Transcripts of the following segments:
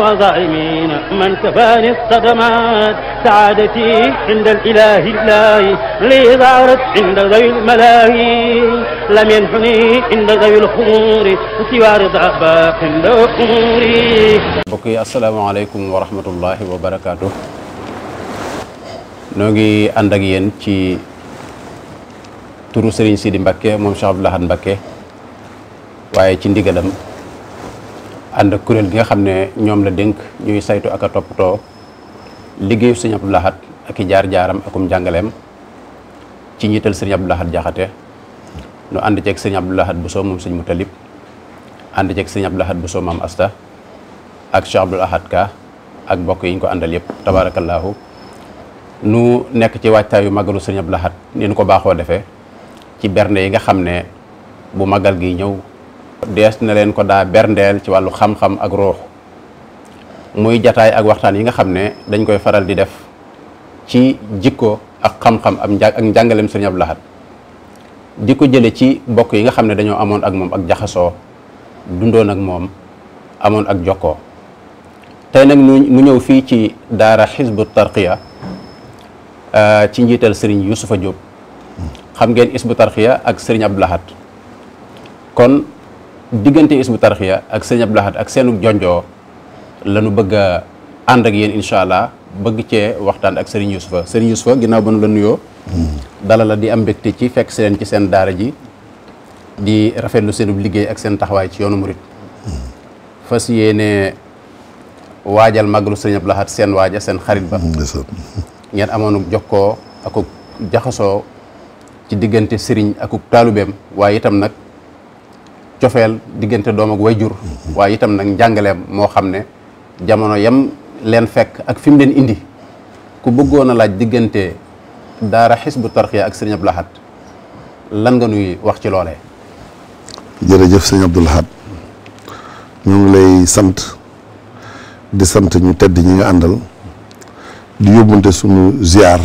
وظالمين من كفاني الصدمات سعادتي عند الإله الله لي ظهرت عند ذوي الملاهي لم ينحني عند ذوي الخمور سوى رضا باق أموري mbokk yi asalaamaaleykum wa rahmatullahi wa barakaatu noo ci turu Serigne Sidi moom Cheikh Abdoul Ahad waaye ci ndigalam ànd ak kuréel gi nga xam ne ñoom la dénk ñuy saytu aka a toppatoo liggéeyu sëñ Abdou Lahad ak jaar-jaaram akum njàngaleem ci njiital sëñ Abdou Lahad Jaxate nu ànd ceeg sëñ Abdou Lahad Bousso moom sëñ ànd ceeg sëñ Abdou Lahad Bousso maam Asta ak Cheikh Abdou Lahad Ka ak bokk yi ko àndal yëpp tabaarakallaahu nu nekk ci waajtaayu màggalu sëñ Abdou Lahad ni nu ko baaxoo defee ci berne yi nga xam ne bu màggal gi ñëw dees na leen ko daa berndeel ci wàllu xam-xam ak ruux muy jataay ak waxtaan yi nga xam ne dañ koy faral di def ci jikko ak xam-xam ak njàngaleem Sëriñ Abdou Lahad di ko jële ci bokk yi nga xam ne dañoo amoon ak moom ak jaxasoo dundoon ak moom amoon ak jokkoo tey nag mu ñëw fii ci daara xisbu tarqiya euh, ci njiital Serigne Youssoufa Diop hmm. xam ngeen xisbu tarqiya ak Serigne Abdou Lahad kon diggante isbu tarxiya ak sëñ Abdou ak seenu jonjoo la ñu bëgg a ànd ak yéen incha allah bëgg cee waxtaan ak Serigne Youssoufa Serigne Youssoufa ginnaaw ba nu la nuyoo. Hmm. dala la di am mbégte ci fekk si ci seen daara ji di rafetlu seenub liggéey ak seen taxawaay ci yoonu murit hmm. fas yéene waajal màggalu Serigne Abdou seen waaja seen xarit ba. Hmm, ngeen amoon jokkoo ak jaxasoo ci diggante Serigne ak taalibeem waaye itam nag. cofeel diggante doom ak wayjur waaye itam nag njàngaleem moo xam ne jamono yam leen fekk ak fi mu leen indi ku bëggoon a laaj diggante daara xisbu tarxiya ak sëñ Abdou Lahad lan nga nuy wax ci loolee jërëjëf sëriñ Abdou Lahad ñu ngi lay sant di sant ñu tedd ñi nga àndal di yóbbante sunu ziar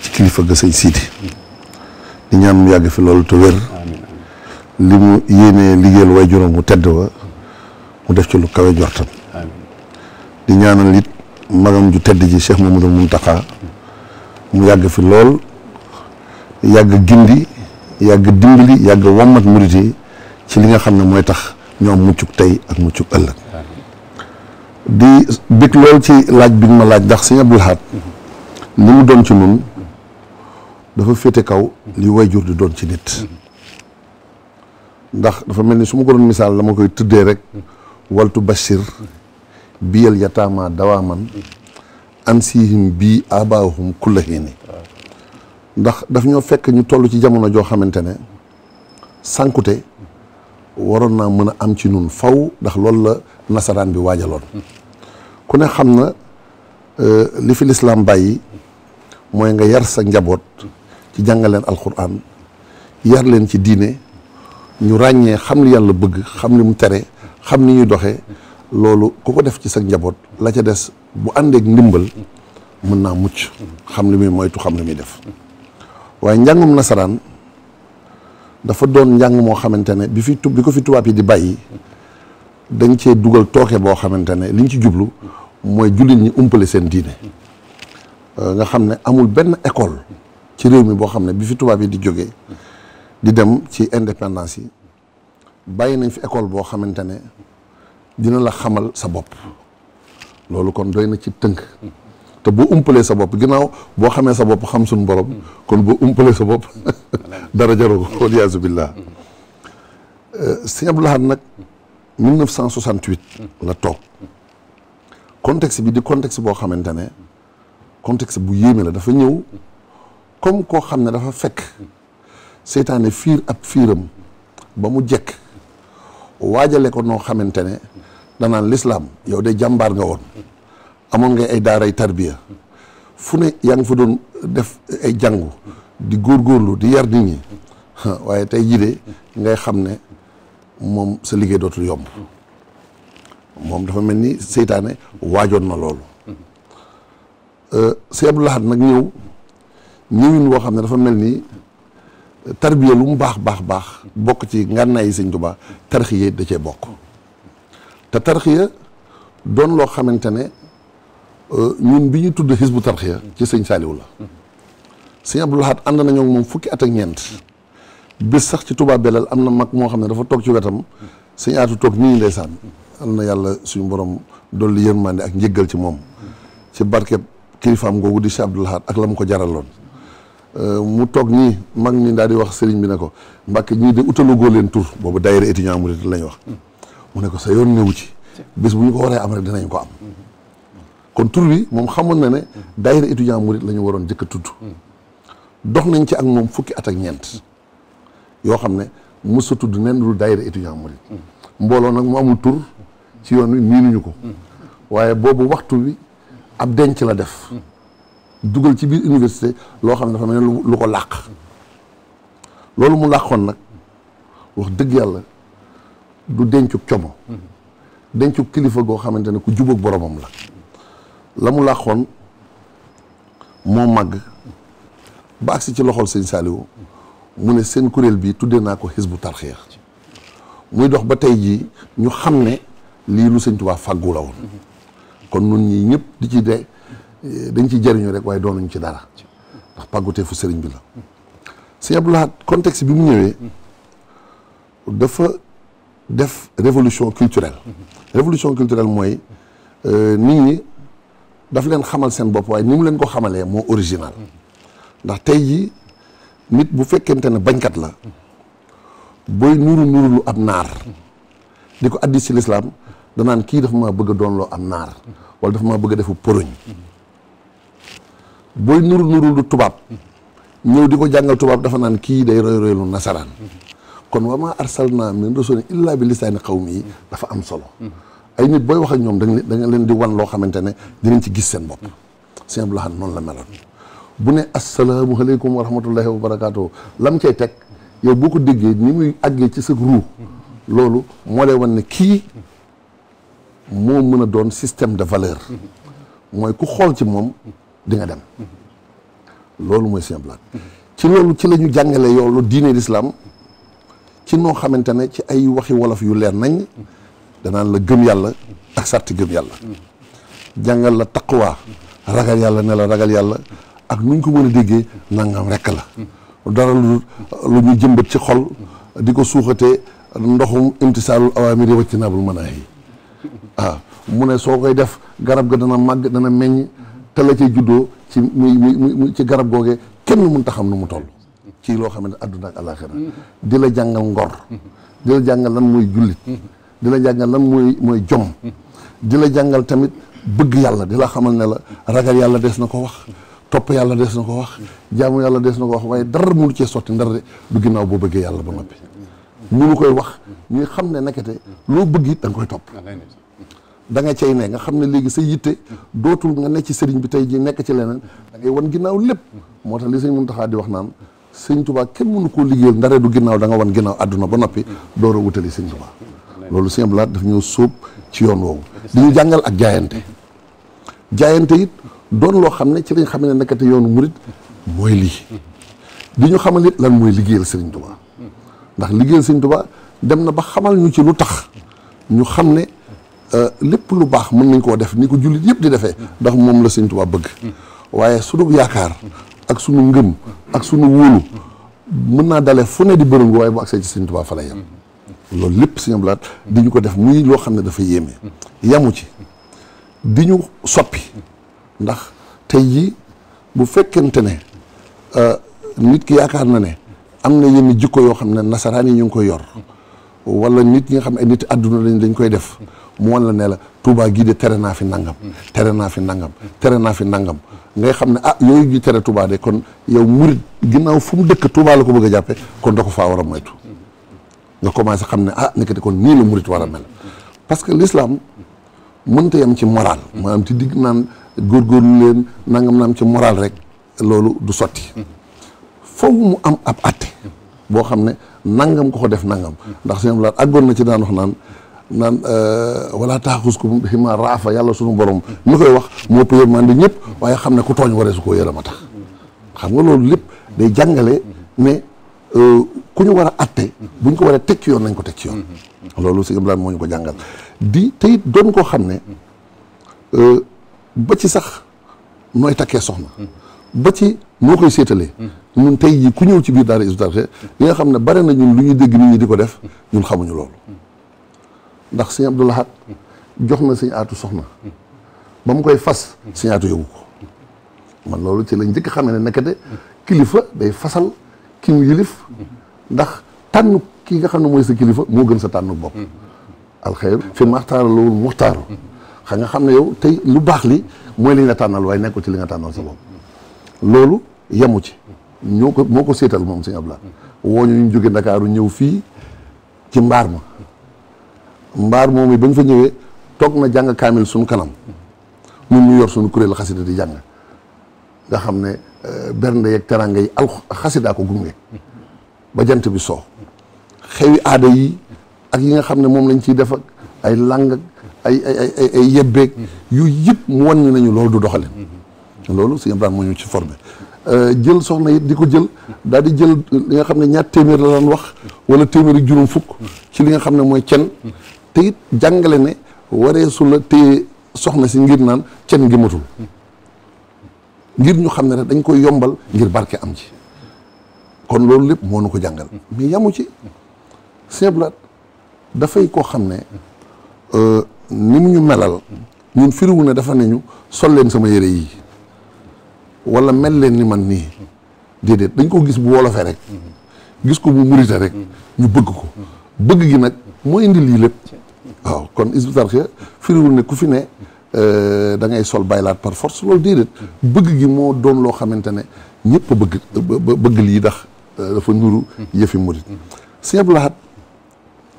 ci kilifa ga sëñ di ñaan yàgg fi loolu te wér li mu yéenee liggéeyal way juróom mu tedd wa mu def ci lu kawe jortam di ñaanal it magam ju tedd ji Cheikh Mamadou Mountakha mu yàgg fi lool yàgg gindi yàgg dimbali yàgg wamat murit yi ci li nga xam ne mooy tax ñoom muccuk tey ak muccuk ëllëg di bég lool ci laaj bi ma laaj ndax sëñ Abdul Ahad li mu doon ci nun dafa féete kaw li way jur di doon ci nit ndax dafa mel ni su ma ko doon misaal la ma koy tuddee rek waltu bashir biyal yataama dawaaman ansihim bii abaahum kullahini ndax daf ñoo fekk ñu toll ci jamono joo xamante ne sankute waroon naa mën a am ci nun faw ndax loolu la nasaraan bi waajaloon ku ne xam na eh, li fi lislaam bàyyi mooy nga yar sa njaboot ci jàngaleen alquran yar leen ci diine ñu ràññee xam li yàlla bëgg xam li mu tere xam li ñuy doxe loolu ku ko def ci sa njaboot la ca des bu àndeek ndimbal mën naa mucc xam li muy moytu xam li def waaye njàngum nasaraan dafa doon njàng moo xamante ne bi fi tu bi ko fi tubaab yi di bàyyi dañ cee dugal tooke boo xamante ne liñ ci jublu mooy jullit ñi umpale seen diine nga xam ne amul benn école ci réew mi boo xam ne bi fi tubaab yi di jógee di dem ci indépendance yi bàyyi nañ fi école boo xamante ne dina la xamal sa bopp loolu kon doy na ci tënk te boo umpalee sa bopp ginnaaw boo xamee sa bopp xam suñu borom kon boo umpalee sa bopp dara jaroo ko waliyaasu billaah euh, sëñ Abdou Lahad nag 1968 la toog contexte bi di contexte boo xamante ne contexte bu yéeme la dafa ñëw comme koo xam ne dafa fekk seytaane fiir ab fiiram ba mu jekk waajale ko noo xamante ne danaa lislaam yow de jàmbaar nga woon amoon nga ay daaray tarbiya fu ne yaa ngi fa doon def ay jàngu di góor góorlu di yar nit ñi waaye tey jii de ngay xam ne moom sa liggéey dootul yomb moom dafa mel ni seytaane waajoon na loolu euh, Sëñ Abdou Lahad nag ñëw ñëwin woo xam ne dafa mel nii tarbiya lu mu baax baax baax bokk ci ngànnaay yi sëñ Tuubaa tarxiya da cee bokk te tarxiya doon loo xamante ne euh, ñun bi ñu tudd xisbu tarxiya ci sëñ Saaliw la sëñ Abdul Ahad ànd nañoo moom fukki at ak ñeent bis sax ci Tuubaa Belal am na mag moo xam ne dafa toog ci wetam sëñ Aatu toog nii ndeysaan am na yàlla suñu borom dolli yërmande ak njëggal ci moom ci barkeb kilifaam googu di Cheikh Abdul Ahad ak la mu ko jaraloon Euh, mu toog nii mag ñi daal di wax sëriñ bi ne ko Mbàkke ñii de utalugoo leen tur boobu daayira étudiant mu la lañ wax mu ne ko sa yoon newu ci bis bu ñu ko waree am rek dinañ ko am kon tur bi moom xamoon na ne daayira étudiant murit la waroon jëkk a tudd dox nañ ci ak moom fukki at ak ñeent yoo xam ne mosu tudd nen lu daayira étudiant murit mbooloo nag mu amul tur ci yoon wi miinuñu ko waaye boobu waxtu bi ab denc la def dugal ci biir université loo xam ne dafa mel ne lu ko làq loolu mu làqoon nag wax dëgg yàlla du dencug como mm-hmm. dencug kilifa goo xamante ne ku jubóog boromam la la mu làqoon moo màgg ba agsi ci loxol sëñ Saliou mu ne seen kuréel bi tuddee naa ko bu tarxiya muy dox ba tey jii ñu xam ne lii lu sëñ Tuubaa fàggu la woon mm-hmm. kon nun ñi ñëpp di ci de dañ ciy jëriñu rek waaye doonuñ ci dara ndax pàggutee fu sëriñ bi la si Abdou Lahad contexte bi mu ñëwee dafa def révolution culturelle révolution culturelle mooy euh, nit ñi daf leen xamal seen bopp waaye ni mu leen ko xamalee moo original ndax tey jii nit bu fekkente ne bañkat la booy nuru nuru lu ab naar di ko addi si lislaam danaan kii dafa maa bëgg a doon loo am naar wala dafa maa bëgg defu poroñ booy nuru nuru lu tubaab ñëw di ko jàngal tubaab dafa naan kii day roy roy nasaraan kon wa maa arsalnaa min rasulin illaa bi lisaani qawmi yi dafa am solo ay nit booy wax ak ñoom dañ da nga leen di wan loo xamante ne dinañ ci gis seen bopp sëñ Abdou Lahad noonu la meloon bu ne asalaamualeykum wa rahmatullahi wa barakaatu lam cay teg yow boo ko déggee ni muy àggee ci sa ruu loolu moo lay wan ne kii moo mën a doon système de valeur mooy ku xool ci moom dinga nga dem loolu mooy seen plan ci loolu ci lañu jàngale yow lu diine l'islam ci noo xamante ne ci ay waxi wolof yu leer nañ danaan la gëm yàlla ak sarti gëm yàlla jàngal la taqwa ragal yàlla ne la ragal yàlla ak nuñ ko mën a déggee nangam rekk la dara lu ñu jëmbat ci xol di ko suuxatee ndoxum imtisaalul awaamiri wacc naabul manaahi ah mu ne soo koy def garab ga dana màgg dana meññ te la cay juddoo ci muy muy muy ci garab googee kenn mënut a xam nu mu toll ci loo xam ne àdduna ak àllaaxira di la jàngal ngor di la jàngal lan mooy jullit di la jàngal lan mooy mooy jom di la jàngal tamit bëgg yàlla di la xamal ne la ragal yàlla des na ko wax topp yàlla des na ko wax jaamu yàlla des na ko wax waaye dara mënu cee sotti ndara de du ginnaaw boo bëggee yàlla ba noppi. mënu koy wax ñuy xam ne nekkete loo bëgg it da koy topp da nga cay ne nga xam ne léegi sa yitte dootul nga nekk ci sëriñ bi tey ji nekk ci leneen da ngay wan ginnaaw lépp moo tax li sëñ Muntaxa di wax naan sëñ Tuubaa kenn mënu koo liggéeyal ndare du ginnaaw da nga wan ginnaaw ba noppi door wutali sëñ Tuubaa loolu sëñ Abdu Lahat daf ci yoon woowu di ñu ak jaayante jaayante it doon loo xam ne ci lañ xam ne yoonu murit mooy lii di ñu xamal it lan mooy liggéeyal sëriñ Tuubaa ndax liggéeyal sëriñ tubaa dem na ba xamal ñu ci lu tax ñu xam ne Euh, lépp lu baax mën nañ koo def ni ko jullit yëpp di defee ndax moom la sëñ Tuubaa bëgg waaye sunu yaakaar ak suñu ngëm ak sunu wóolu mën naa dale fu ne di bërëngu waaye bu agsee ci sëñ Tuubaa fa la yem loolu lépp sëñ Abdou Lahad di ñu ko def muy loo xam ne dafa yéeme yamu ci di ñu soppi ndax tey jii bu fekkente ne euh, nit ki yaakaar na ne am na yenn jikko yoo xam ne nasaraan yi ñu ngi koy yor wala nit ñi nga xam ne nit àdduna lañ dañ koy def mu wan la ne la Touba gii de tere naa fi nangam. tere naa fi nangam. tere naa fi nangam ngay xam ne ah yooyu gi tere Touba de kon yow murit ginnaaw fu mu dëkk Touba la ko bëgg a jàppee kon da ko faa war a moytu. nga commencé xam ne ah nekkati kon nii la murit war a mel. parce que l'islam mënta yem ci moral. maanaam ci digg naan góorgóorlu leen nangam naam ci moral rek loolu du sotti. foofu mu am ab atte boo xam ne nangam ko ko def nangam. ndax seen laat àggoon na ci daan wax naan. naan euh, wala taaxus ko xima raafa yàlla sunu borom mi koy wax moo man yërmande ñëpp waaye xam ne ku tooñ waree su ko yërëm a tax xam nga loolu lépp day jàngale ne euh, ku ñu war a àtte bu ñu ko waree teg yoon nañ ko teg ci yoon loolu si Ibrahima moo ñu ko jàngal di teyit it doon koo xam ne euh, ba ci sax nooy takkee soxna ba ci noo koy seetalee ñun tey jii ku ñëw ci biir daara Hizbut Tarqiyyah li nga xam ne bare na ñun lu ñuy dégg nit ñi di ko def ñun xamuñu loolu ndax sëñ Abdou Lahad jox na sëñ aatu soxna ba mu koy fas sëñ aatu yóbbu ko man loolu ci lañ njëkk xam ne nekkate kilifa day fasal ki mu yilif ndax tànn ki nga xam ne mooy sa kilifa moo gën sa tànn bopp alxeyr fi maxtaara lawul muxtaaru xam nga xam ne yow tey lu baax li mooy li nga tànnal waaye nekkul ci li nga tànnal sa bopp loolu yemu ci ñoo ko moo ko seetal moom sëñ Abdou woo ñu ñu jóge Ndakaaru ñëw fii ci mbaar ma mbaar moom ba ñu fa ñëwee toog na jàng kaamil suñu kanam ñun ñu yor suñu kuréel xasida di jàng nga xam ne euh, bernde yeeg teranga yi al xasidaa ko gunge ba jant bi soo xewi aada yi ak yi nga xam ne moom lañ ciy def ak ay lang ak ay ay ay ay yebbeeg yu yëpp mu wan nañu loolu du doxalin loolu sëñ Ibrahima moo ñu ci formé euh, jël soxna it di ko jël daal di jël li nga xam ne ñaar téeméer la daan wax wala téeméer ak juróom fukk ci li nga xam ne mooy cen te it jàngale ne waree su la téye soxna si ngir naan cen gi ngir ñu xam ne rek dañ koy yombal ngir barke am ci kon loolu lépp moo nu ko jàngal mais yamu ci sieblaat dafay koo xam ne euh, ni mu ñu melal ñun firiwu ne dafa ne ñu sol leen sama yére yi wala mel leen ni man nii déedéet dañ ko gis bu wolofe rek mm-hmm. gis ko mu murite rek mm-hmm. ñu bëgg ko bëgg gi nag moo indi lii lépp waaw kon Hizbut Tarqiyyah firiwul ne ku fi ne euh, da ngay sol baylaat par force loolu déedéet bëgg gi moo doon loo xamante ne ñëpp bëgg bëgg lii ndax euh, dafa nuru yëfi murit Sëñ Abdou Lahad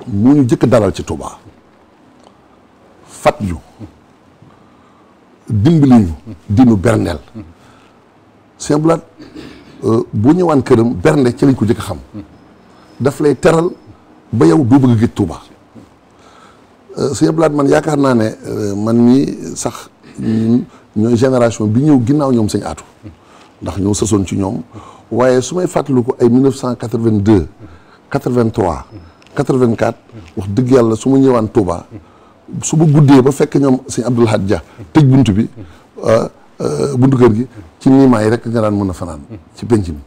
moo ñu jëkk dalal ci Touba fat ñu dimbali ñu dinu berndeel euh, ñëwaan këram bernde ci lañ ko jëkk xam daf lay teral ba yow doo bëgg su yëpp laat man yaakaar naa ne euh, man mii sax ñooy génération bi ñëw ginnaaw ñoom sëñ atu ndax ñoo sësoon ci ñoom waaye su may ko ay 1982 83 84 wax dëgg yàlla su ma ñëwaan Touba su ma guddee ba fekk ñoom sëñ Abdoul Hadj Dia tëj bunt bi euh, euh, buntu kër gi ci niimaa yi rek nga daan mën a fanaan ci penc mi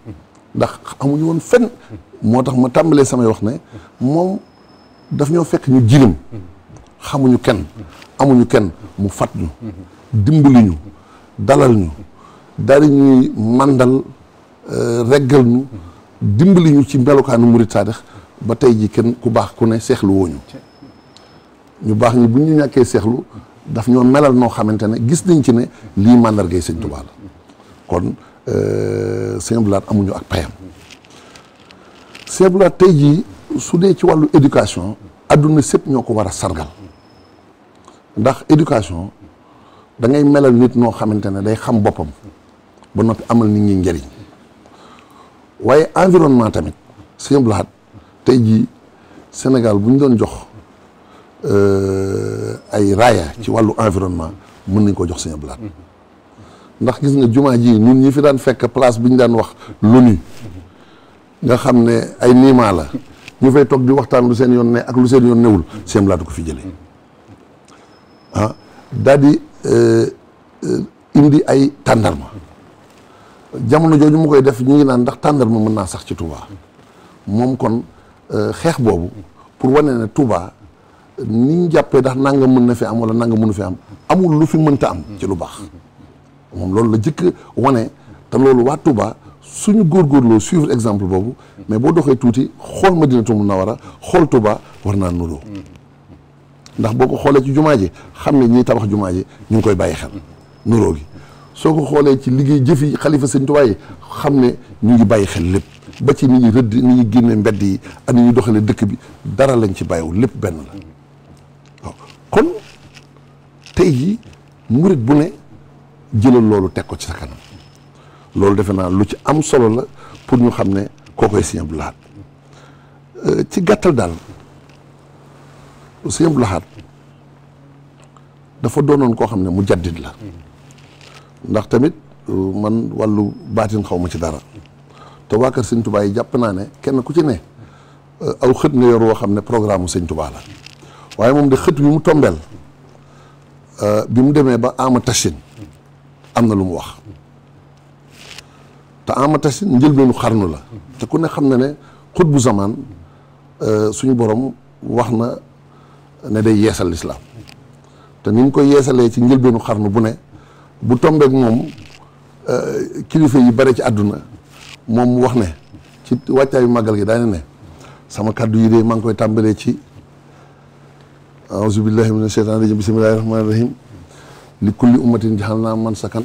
ndax amuñu woon fenn moo tax ma tàmbalee samay wax ne moom daf ñoo fekk ñu jilim xamuñu kenn amuñu kenn mu fat ñu dimbali ñu dalal ñu dari ñuy màndal euh, reggal ñu dimbali ñu ci melokaanu murit saadix ba tey ji kenn ku baax ku ne seexlu wooñu ñu baax ñu bu ñu ñàkkee seexlu daf ñoo melal noo xamante ne gis nañ ci ne lii màndargay sëñ Tuubaa la kon euh, sëñ Abdou Lahad amuñu ak payam sëñ Abdou Lahad tey jii su dee ci wàllu éducation adduna sëpp ñoo ko war a sargal ndax éducation dangay ngay melal nit noo xamante ne day xam boppam ba noppi amal nit ñi njëriñ waaye environnement tamit sëñ Blaat tey jii Sénégal bu ñu doon jox euh, ay raaya ci wàllu environnement mën nañ ko jox sëñ Blaat ndax gis nga jumaa ji ñun ñi fi daan fekk place bu ñu daan wax l'ONU nga xam ne ay niimaa la ñu fay toog di waxtaan lu seen yoon ne ak lu seen yoon newul sëñ Blaat ko fi jëlee. ah daal di euh, euh, indi ay tàndarma jamono jooju mu koy def ñu ngi naan ndax tàndarma mën naa sax ci Touba moom kon euh, xeex boobu pour wane ne Touba ni ñu jàppee ndax nanga mën na fi am wala nanga mënu fi am amul lu fi mënta am ci lu baax moom loolu la jëkk wane te loolu waa Touba suñu góorgóorloo suivre exemple boobu mais boo doxee tuuti xool Madinatu Munawara xool Touba war naa nuroo ndax boo ko xoolee ci jumaa ji xam ne ñiy tabax jumaa ji ñu ngi koy bàyyi xel nuróo gi soo ko xoolee ci liggéey jëfi xalifa sëñ Tuubaa xam ne ñu ngi bàyyi xel lépp ba ci nit ñi rëdd ni ñuy génne mbedd yi ak ni ñuy doxalee dëkk bi dara lañ ci bàyyiwul lépp benn la kon tey jii murit bu ne jëlal loolu teg ko ci sa kanam loolu defe naa lu ci am solo la pour ñu xam ne koo koy Sëñ Abdou Lahad ci gàttal daal Sëñ Abdou Lahad koo xam ne mu jaddit la tamit euh, man wàllu baatin xaw ma ci dara te waa kër jàpp naa ne kenn ku ci ne euh, aw xët nga yor xam ne programme mu Sëñ Tubaa waaye moom de xët mu tombeel euh, bi mu demee ba ama tashin am na lu mu wax te ama tashin njëlbeenu la te ku suñu borom wax na ne day yeesal lislaam te ni koy yeesalee ci njëlbeenu xarnu bu ne bu tombeek moom euh, kilifa yi bare ci àdduna moom wax ne ci wàccaayu màggal gi daane ne sama kàddu yi de maa ngi koy tàmbalee ci aousubillahi mina sheytan rajim bismillahi rahmani rahim li kulli ummatin jaxal naa man sakan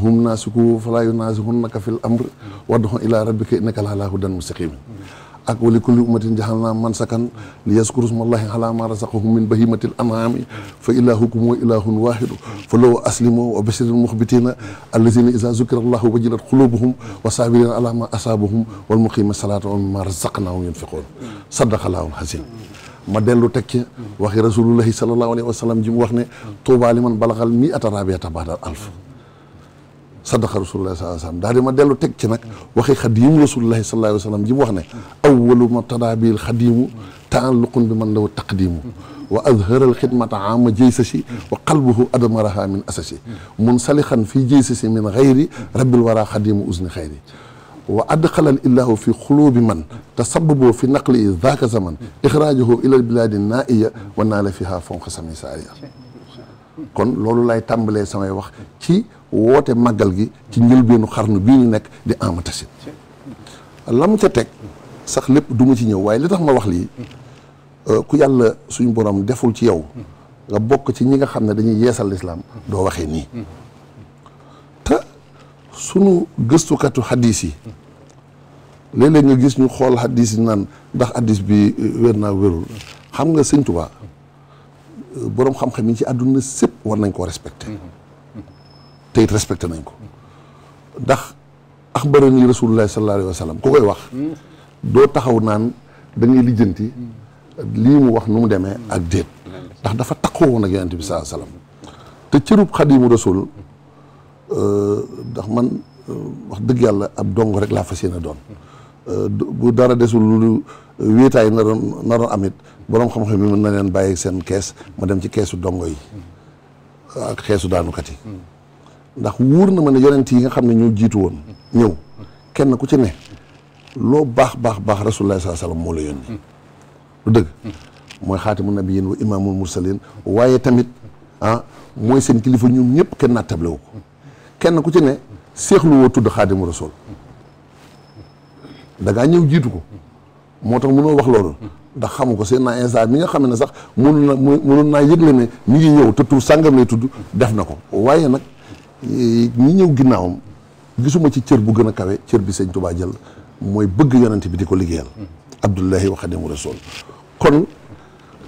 hum naasiku falaa yunaasihun naka fil amr wadduxon ilaa rabbika innaka laa laa hudan mustaqimin ak wali kulli ummatin jahalna man sakan li yaskuru smallahi ala ma razaqahum min bahimatil an'ami fa ilahukum wa ilahun wahidu fa law aslimu wa bashiril mukhbitina allazina idha zukira allahu wajilat qulubuhum wa sabirina ala ma asabahum wal muqimi salata wa mimma razaqnahum yunfiqun sadaqallahu alazim ma dellu teg ci waxi rasulullahi sallallahu alayhi wa sallam ji mu wax ne tuuba liman balagal mi ata rabiata badal alf sadaqa rasulullahi sallallahu alayhi wa sallam daal di ma dellu teg ci nag waxi xadiimu rasulullahi sallallahu alayhi wa sallam ji mu wax ne awalu ma tadaabil xadiimu taalluqun bi man law taqdiimu wa azharal xidmata ama jaysasi wa qalbuhu admaraha min asasi mun salixan fii jaysasi min xayri rabbil wara xadiimu usni xayri wa adxalal illahu fi xuluubi man tasababoo fi naqli i zaaka zaman ixraajahu ilal bilaadi naaiya wa naa la fiha fonq sami saariya kon loolu lay tàmbalee samay wax ci woote màggal gi ci njëlbeenu xarnu bii ñu nekk di amatasin lam ca teg sax lépp duma ci ñëw waaye li tax ma wax lii euh, ku yàlla suñu borom deful ci yow nga bokk ci ñi nga xam ne dañuy yeesal islaam doo waxee nii te sunu gëstukatu hadis yi léeg nga gis ñu xool hadis yi naan ndax hadis bi euh, wér naa wérul xam nga sëñ Tuubaa euh, boroom xam-xam yi ci àdduna sépp war nañ koo respecté te it nañ ko ndax axbarani rasulullahi sallallahu alayhi wa sallam ku koy wax doo taxaw naan da ngay lijjanti lii mu wax nu mu demee ak déet ndax dafa taxaw woon ak yonent bi sallallahu alayhi wa sallam te cërub xadimu rasul ndax man wax dëgg yàlla ab dong rek laa fas yéene doon bu dara desul lu wéetaay na doon na doon amit boroom xam-xam yi mën na leen bàyyi seen kees ma dem ci keesu dongo yi ak xeesu daanukat yi ndax wóor na ma ne yonent yi nga xam ne ñoo jiitu woon ñëw kenn ku ci ne loo baax baax baax rasulullah sallallahu alayhi wasallam moo la yónni lu dëgg mooy xaatimu nabiyyin wa imaamul mursalin waaye tamit ah mooy seen kilifa ñoom ñëpp kenn nattable wu ko kenn ku ci ne seexlu woo tudd xaadimu rasul dangaa ñëw jiitu ko moo tax mënoo wax loolu ndax xamu ko seen naa instant mi nga xam ne sax mënu na mënu naa ne mi ngi ñëw te tur sàngam lay tudd def na ko waaye nag ñi ñëw ginnaawam gisuma ci cër bu gën a kawe cër bi sëñ Tuubaa jël mooy bëgg yonent bi di ko liggéeyal abdullahi wa xadimu rasul kon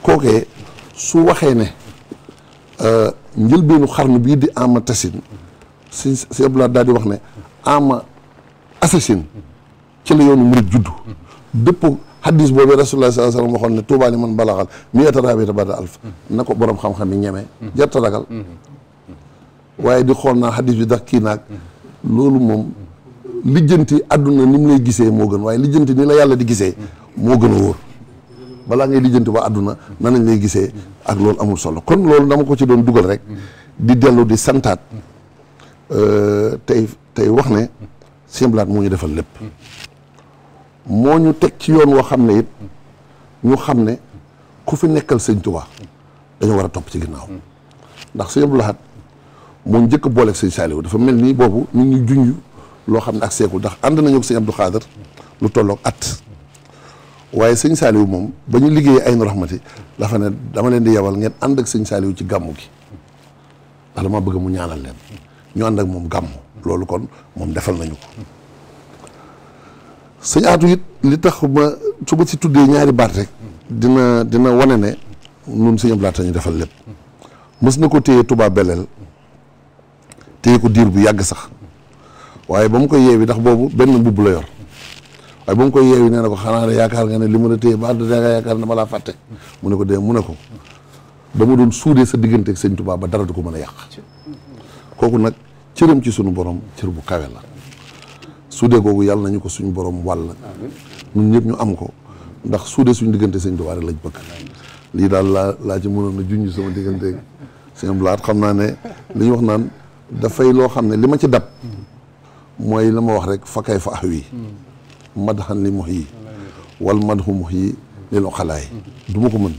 kookee su waxee ne euh, njëlbeenu xarnu bii di ama tasin si si abdullah daal di wax ne ama assasine ci la yoonu murid juddu dëpp hadis boobu rasulullah sallallahu waxoon ne tuubaa li man balaxal mi atarabita bada alf na ko borom xam-xam yi ñeme jarta ragal waaye di xool naa xadis bi ndax kii naag loolu moom lijjanti àdduna ni mu lay gisee moo gën waaye lijjanti ni la yàlla di gisee moo gën a wóor balaa ngay lijjanti waa àdduna nanañ lay gisee ak loolu amul solo kon loolu dama ko ci doon dugal rek di dellu di santaat euh, tey tey wax ne simblaat moo ñu defal lépp moo ñu teg ci yoon woo xam ne it ñu xam ne ku fi nekkal sëñ Tuubaa dañu war a topp ci ginnaaw ndax simblaat moom njëkk boole booleeg sëñ Saliou dafa mel nii boobu ñu ngi junj loo xam ne ak seekul ndax ànd nañu ak sëñ Abdou Khader lu tollook at waaye sëñ Saliou moom ba ñu liggéeyee ay nu raxmati dafa ne dama leen di yebal ngeen ànd ak sëñ Saliou ci gàmmu gi ndax dama bëgg mu ñaanal leen ak moom gàmmu loolu kon moom defal nañu ko sëñ Atou it li tax ma su ma ci tuddee ñaari baat rek dina dina wone ne nun sëñ Abdou laata ñu defal lépp mës na ko téye tubaab beleel téye ko diir bu yàgg sax waaye ba mu koy yeewi ndax boobu benn mbubb la yor waaye ba mu koy yeewi nee na ko xanaa ne yaakaar nga ne li mën a téye ba da nga yaakaar ne ma laa fàtte mu ne ko dee mu ne ko dama doon suudee sa diggante ak sëñ ba dara du ko mën a yàq kooku nag cëram ci suñu borom cër bu kawe la suudee googu yàlla nañu ko suñu borom wàll ñun ñëpp ñu am ko ndax suudee suñu diggante sëñ Tuubaa rek lañ bëgg lii daal laa laa ci na junj sama diggante sëñ Blaat xam naa ne li wax naan dafay loo xam ne li ma ci dab mooy la ma wax rek fa kay fa ax wi madhan li mux yi wal madhu mux yi lil oqalaay du ma ko mën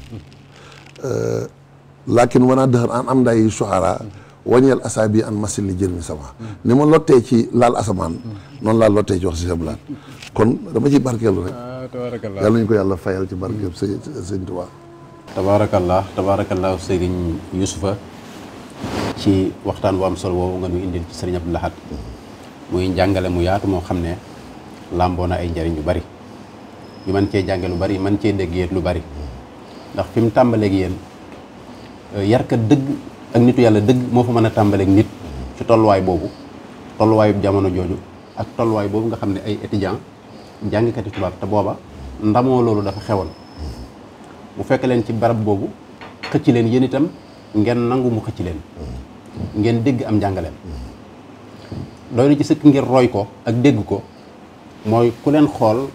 euh, laakin wanaa dëxër an am nday suxara wañeel asaa bi an masin li jërmi sama ni ma lottee ci laal asamaan noonu laa lottee ci wax si sablaat kon dama ciy barkeelu rek ah, yàlla nañu ko yàlla fayal ci barkeelu sëñ Tuubaa tabaarakallah tabaarakallah sëriñ Yusufa ci waxtaan bu am solo woowu nga ñu indil ci sëriñ Abdou Lahad muy njàngale mu yaatu moo xam ne làmboo na ay njariñ yu bari ñu mën cee jànge lu bari man cee dégg lu bari ndax fi mu tàmbaleeg yéen euh, yarkat dëgg ak nitu yàlla dëgg moo fa mën a tàmbaleeg nit ci tolluwaay boobu tolluwaayu jamono jooju ak tolluwaay boobu nga xam ne ay étudiant jàngkati tubaab te booba ndamoo loolu dafa xewoon mu fekk leen ci barab boobu xëcc leen yéen itam ngeen nangu mu xëcc leen mm-hmm. ngeen dégg am njàngaleem mm-hmm. doy na ci sëkk ngir roy ko ak dégg ko mooy ku leen xool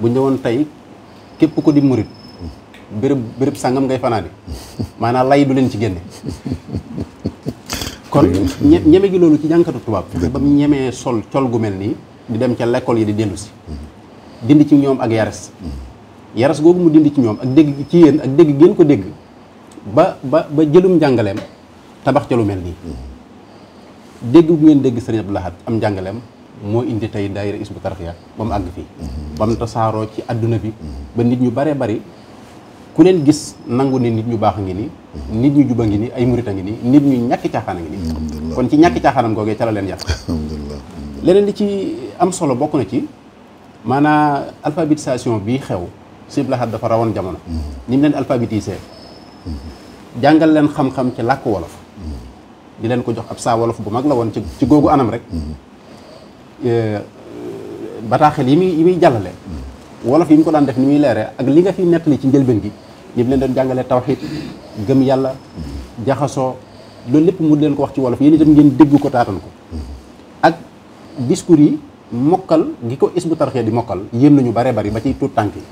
bu ñëwoon tey képp ko di murit mm-hmm. bërëb bërëb sàngam ngay fanaani maanaa lay du leen ci génne kon ñeme gi loolu ci jànkatu tubaab ba mu ñemee sol col gu mel nii di dem ca lekkool yi di dellu si dindi ci ñoom ak yares yares googu mu dindi ci ñoom ak dégg ci yéen ak dégg ngeen ko dégg ba ba ba jëlum njàngaleem tabax ca lu mel nii mm-hmm. dégg bu ngeen dégg sëriñ Abdou Lahad am njàngaleem moo indi tey daayira Hizbut Tarqiyyah ba mu àgg fii mm-hmm. ba mu tasaaroo ci àdduna bi mm-hmm. ba nit ñu bare bari ku leen gis nangu ne nit ñu baax a ngi nii nit ñu a ngi nii ay murit a ngi nii nit ñu ñàkki caaxaan a ngi nii kon ci ñàkki caaxaanam googee ca la leen yar leneen li ci am solo bokk na ci maanaa alphabétisation bii xew Sëriñ Abdou dafa rawoon jamono ni mu leen alphabétisé jàngal leen xam-xam ci làkk wolof di leen ko jox ab saa wolof bu mag la woon ci ci googu anam rek mm-hmm. eh, bataaxel yi muy yi muy jàllale mm-hmm. wolof yi mu ko daan def ni muy leeree ak li nga fi nettali ci njëlbeen gi ni leen doon jàngalee tawxiid gëm yàlla mm-hmm. jaxasoo loolu lépp mu leen ko wax ci wolof yéen itam ngeen dégg ko taatan ko ak discours yi mokkal gi ko Hizbut Tarqiyyah di mokkal yéem nañu bare bari ba ci tuut tànk yi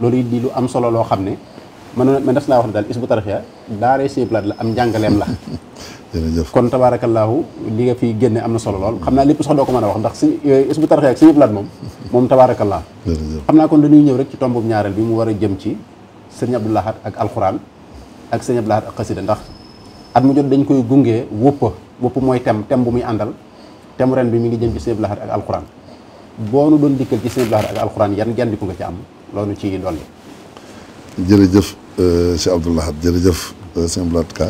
loolu it di lu am solo loo xam ne man man def naa wax ne daal is bu taraxiya daaree Sëñ la am njàngaleem la jërëjëf kon tabaarakallaahu li nga fi génne am na solo lool xam naa lépp sax doo ko mën wax ndax suñ is bu taraxiya ak Sëñ Abdou Lahad moom moom tabaarakallaahu xam naa kon dañuy ñëw rek ci tombub ñaareel bi mu war a jëm ci Sëñ Abdou Lahad ak alxuraan ak Sëñ Abdou Lahad ak ndax at mu jot dañ koy gungee wóppa wóppa mooy tem tem bu muy àndal tem ren bi mi ngi jëm ci Sëñ Abdou Lahad ak alxuraan boo nu doon dikkal ci Sëñ Abdou Lahad ak alxuraan yan gendiku nga ci am loolu ci dolli jërëjëf Euh, Cheikh Abdou Lahad jërëjëf sëñ euh, Abdou Lahad Ka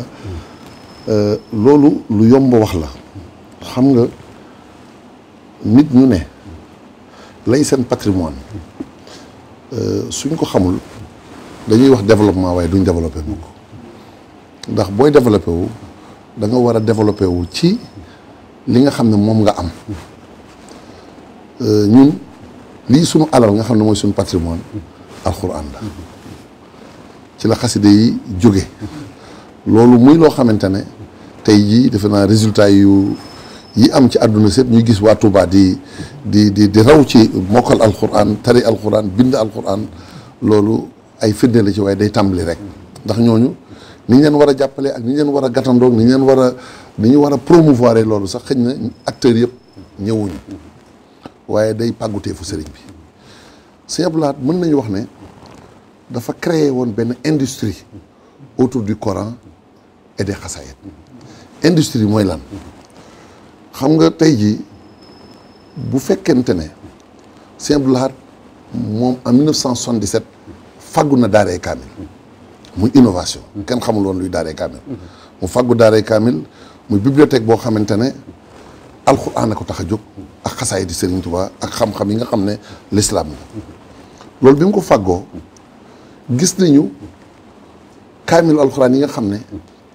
euh, loolu lu yomb wax la xam nga nit ñu ne lañ seen patrimoine suñ ko xamul dañuy wax développement waaye duñ développé mu ko ndax booy développé wu da nga war a développé wu ci li nga xam ne moom nga am ñun lii suñu alal nga xam ne mooy suñu patrimoine alxuraan la ci la xasida yi jóge loolu muy loo xamante ne tey jii defe naa résultat yu yi am ci àdduna sépp ñuy gis waa Touba di di di di raw ci mokkal alxuraan tari alxuraan bind alxuraan loolu ay firnde la ci waaye day tàmbali rek ndax ñooñu ni ñu leen war a jàppale ak ni ñu leen war a gàttandoog ni ñu war a ni ñu war a promouvoir loolu sax xëj na acteurs yëpp ñëwuñ waaye day fu sëriñ bi Sëñ mën nañu wax ne dafa créer woon benn industrie autour du Coran et des xasaayid industrie mooy lan xam nga tey jii bu fekkente ne Sëñ Abdou Lahad moom en 1977 faggu na daaree kaamil muy innovation kenn xamul woon luy daaree kaamil mu faggu daaree kaamil muy bibliothèque boo xamante ne alxuraan a ko tax a jóg ak xasaayid di Sëriñ Tuubaa ak xam-xam yi nga xam ne l'islam la loolu bi mu ko faggoo gis nañu kaamil alxuraan yi nga xam ne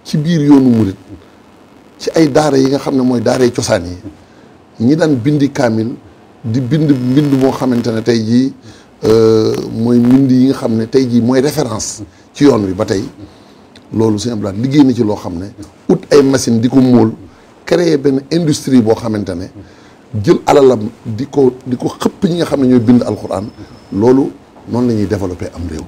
ci biir yoonu murit ci ay daara yi nga xam ne mooy daaray cosaan yi ñi daan bindi kaamil di bind mbind moo xamante ne tey jii euh, mooy mbind yi nga xam ne tey jii mooy référence ci yoon wi ba tey loolu sëñ Abdoulaye liggéey na ci loo xam ne ut ay machine di ko móol créer benn industrie boo xamante ne alal alalam di ko di ko xëpp ñi nga xam ne ñooy bind alxuraan loolu noonu la ñuy développer am réew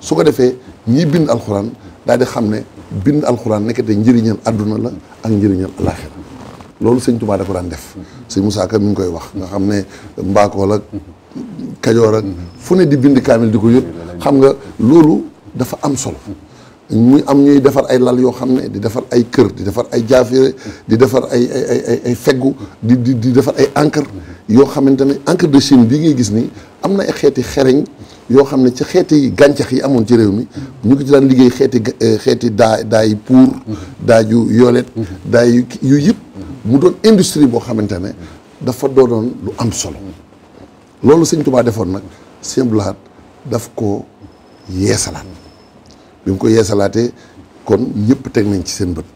su ko defee ñi bind alxuraan daal di xam ne bind alxuraan nekkete njëriñal àdduna la ak njëriñal alaaxira loolu sëñ Tuubaa da ko daan def sëñ Musaa Ka mi ngi koy wax nga xam ne mbaakoola ak kajoor fu ne di bind kaamil di ko yët xam nga loolu dafa am solo muy am ñuy defar ay lal yoo xam ne di defar ay kër di defar ay jaafere di defar ay ay feggu di di di defar ay encre yoo xamante ne encre de Chine bii ngay gis nii am na ay xeeti xereñ yoo xam ne ci xeeti gàncax yi amoon ci réew mi ñu ngi ci daan liggéey xeeti eh, xeeti daa daay puur mm-hmm. daaju yu yooleet yu yu yëpp mu doon industrie boo xamante ne dafa doonoon lu am solo loolu sëñ Tuubaa defoon nag simblaat daf ko yeesalaat bi mu ko yeesalaatee kon ñëpp teg nañ ci seen bët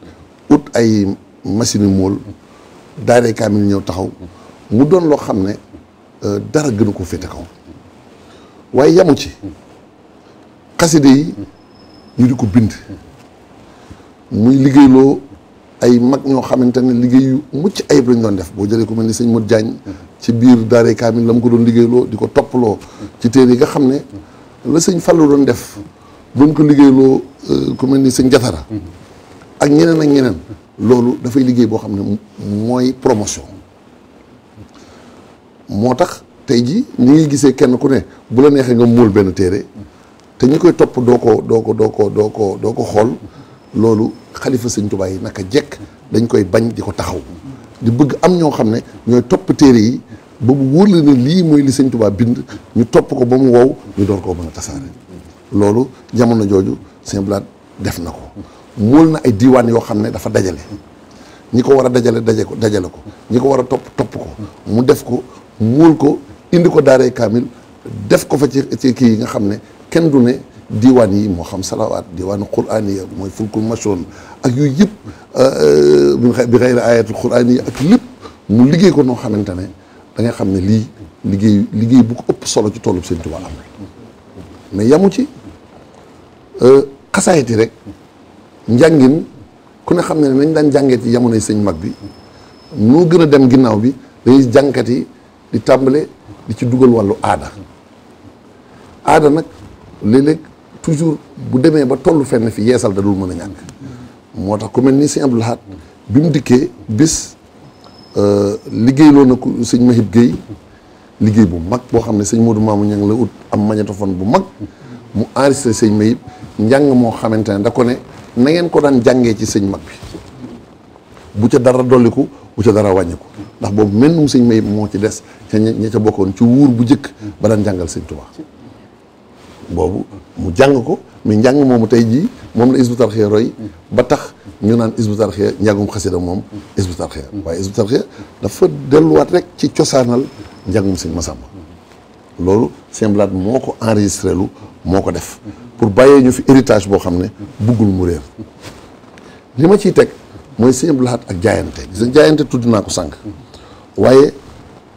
ut ay machine mool daaree kaamil ñëw taxaw mu doon loo xam ne eh, dara gënu ko féete kaw waaye yamu ci xaside yi ñu di ko bind muy liggéeyloo ay mag ñoo xamante ne liggéey yu mucc ayib lañ doon def boo jëlee ku mel ni sëñ Modou Diagne ci biir daaree kaamil la mu ko doon liggéeyloo di ko toppaloo ci téere yi nga xam ne la sëñ Fallou doon def doon ko liggéeyloo euh, ku mel ni sëñ Jatara ak ñeneen ak ñeneen loolu dafay liggéey boo xam ne mooy promotion moo tax tey jii ñu ngi gisee kenn ku ne bu la neexee nga muul benn téere te ñi koy topp doo ko doo ko doo ko doo ko doo ko xool loolu xalifa sëñ Tuubaa yi naka jekk dañ koy bañ di ko taxaw di bëgg am ñoo xam ne ñooy topp téere yi ba mu wóor la ne lii mooy li sëñ Tuubaa bind ñu topp ko ba mu wow ñu door koo mën a tasaare loolu jamono jooju sëñ Blaat def na ko muul na ay diwaan yoo xam ne dafa dajale ñi ko war a dajale daje ko dajale ko ñi ko war a topp topp ko mu def ko muul ko indi ko daaray kaamil def ko fa ci kii yi nga xam ne kenn du ne diwaan yi moo xam salawaat diwaanu quraaniya mooy fulkul masoon ak yooyu yëpp euh, bi xayri ayatul quraaniya ak lépp mu liggéey ko noo xamante ne dangay xam ne lii liggéey liggéey bu ko ëpp solo ci toolu Sëñ Tuubaa am mais yamu ci euh, yi rek njàngin ku ne xam ne nañ daan jàngee ci jamonoy sëñ mag bi noo gën a dem ginnaaw bi dañuy jànkati di tàmbale li ci dugal wàllu aada aada nag léeg-léeg toujours bu demee ba tollu fenn fi yeesal da dul mën a ñàkk moo tax ku mel ni sëñ Abdou Lahad bi mu dikkee bis euh, liggéeyloo na ko sëñ Mahib Guèye liggéey bu mag boo xam ne sëñ Modou Mamou la ut am magnétophone bu mag mu enregistré sëñ Mahib njàng moo xamante ne da ko ne na ngeen ko daan jàngee ci sëñ mag bi bu ca dara dolliku bu ca dara wàññiku ndax boobu mennum sëñ may moo ci des ca ña ca bokkoon ci wuur bu jëkk ba daan jàngal sëñ Tuubaa boobu mu jàng ko mais njàng moomu tey jii moom la Hizbut Tarqiyyah roy ba tax ñu naan Hizbut Tarqiyyah njàngum xasida moom Hizbut Tarqiyyah waaye Hizbut Tarqiyyah dafa delluwaat rek ci cosaanal njàngum sëñ Masamba loolu Symblaat moo ko enregistré moo ko def pour bàyyee ñu fi héritage boo xam ne buggul mu réer li ma ciy teg mooy sëñ Abdou ak jaayante gis nga jaayante tudd naa ko sànq waaye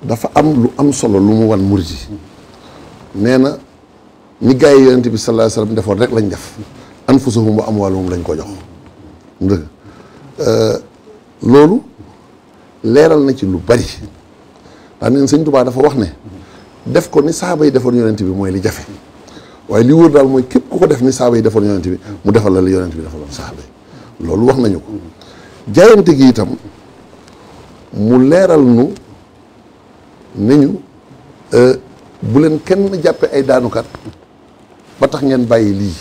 dafa am lu am solo lu mu wan murid yi nee na ni gars yi bi sallallahu alayhi wasallam defoon rek lañ def anfusahum wa amwaaluhum lañ ko jox dëgg loolu leeral na ci lu bari daa neen sëñ Tuubaa dafa wax ne def ni saaba yi defoon yonente bi mooy li jafe waaye li wóor daal mooy képp ku ko def ni yi defoon yonente bi mu defal la li yonente bi defaloon saaba yi loolu wax nañu ko jaayante gi itam mu leeral nu ne ñu euh, bu leen kenn jàppe ay daanukat ba tax ngeen bàyyi lii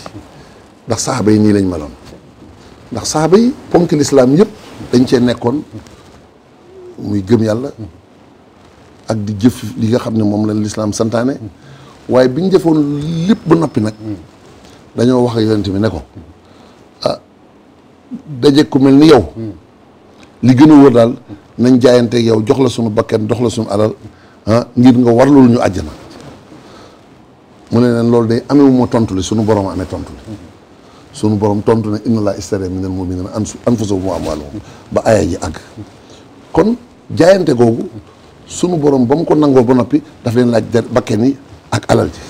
ndax saxaaba yi nii lañ meloon ndax saxaaba yi ponk lislaam yëpp dañ cee nekkoon muy gëm yàlla ak di jëf li nga xam ne moom lañ lislaam santaane waaye bi ñu jëfoon lépp ba noppi nag dañoo wax ak yonent bi ne ko daje ku mel ni yow li gën a wóor daal nañ jaayanteek yow jox la sunu bakken dox la sunu alal ah ngir nga warlul ñu àjjana mu ne leen loolu day amewu ma tontu li sunu borom amee tontu li sunu borom tontu ne inna laa istare minal mu'minina anfusahum am amwaalahum ba aya ji àgg kon jaayante googu sunu borom ba mu ko nangoo ba noppi daf leen laaj der bakkan yi ak alal ji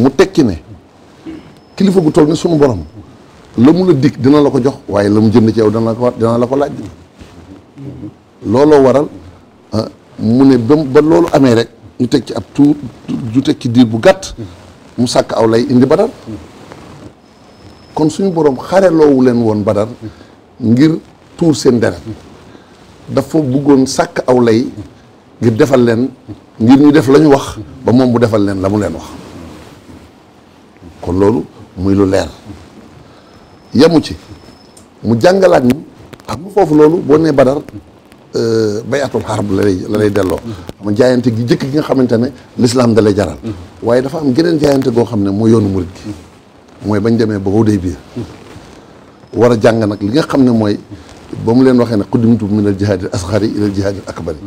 mu tekki ne kilifa gu toog ni sunu borom. la mu la dig dina la ko jox waaye la mu jënd ci yow dina la ko dina looloo waral ah, mu ne ba ba loolu amee rek ñu teg ci ab tuur ñu teg ci diir bu gàtt mu sàkk aw lay indi badar kon suñu boroom xare leen woon badar ngir tuur seen deret dafa bëggoon sàkk aw lay ngir defal leen ngir ñu def la ñu wax ba moom bu defal leen la mu leen wax kon loolu muy lu leer yamu ci mu jàngalaat ñu xam nga foofu loolu boo nee badar euh, bayatul xarb la lay la lay delloo xam jaayante gi jëkk gi nga xamante ne l'islam da lay jaral waaye dafa am geneen jaayante goo xam ne mooy yoonu murit gi mooy bañ demee ba Hudaybiya war a jàng nag li nga xam ne mooy ba mu leen waxee ne xuddimtu min al jihaadil asxari ila al jihaadil akbari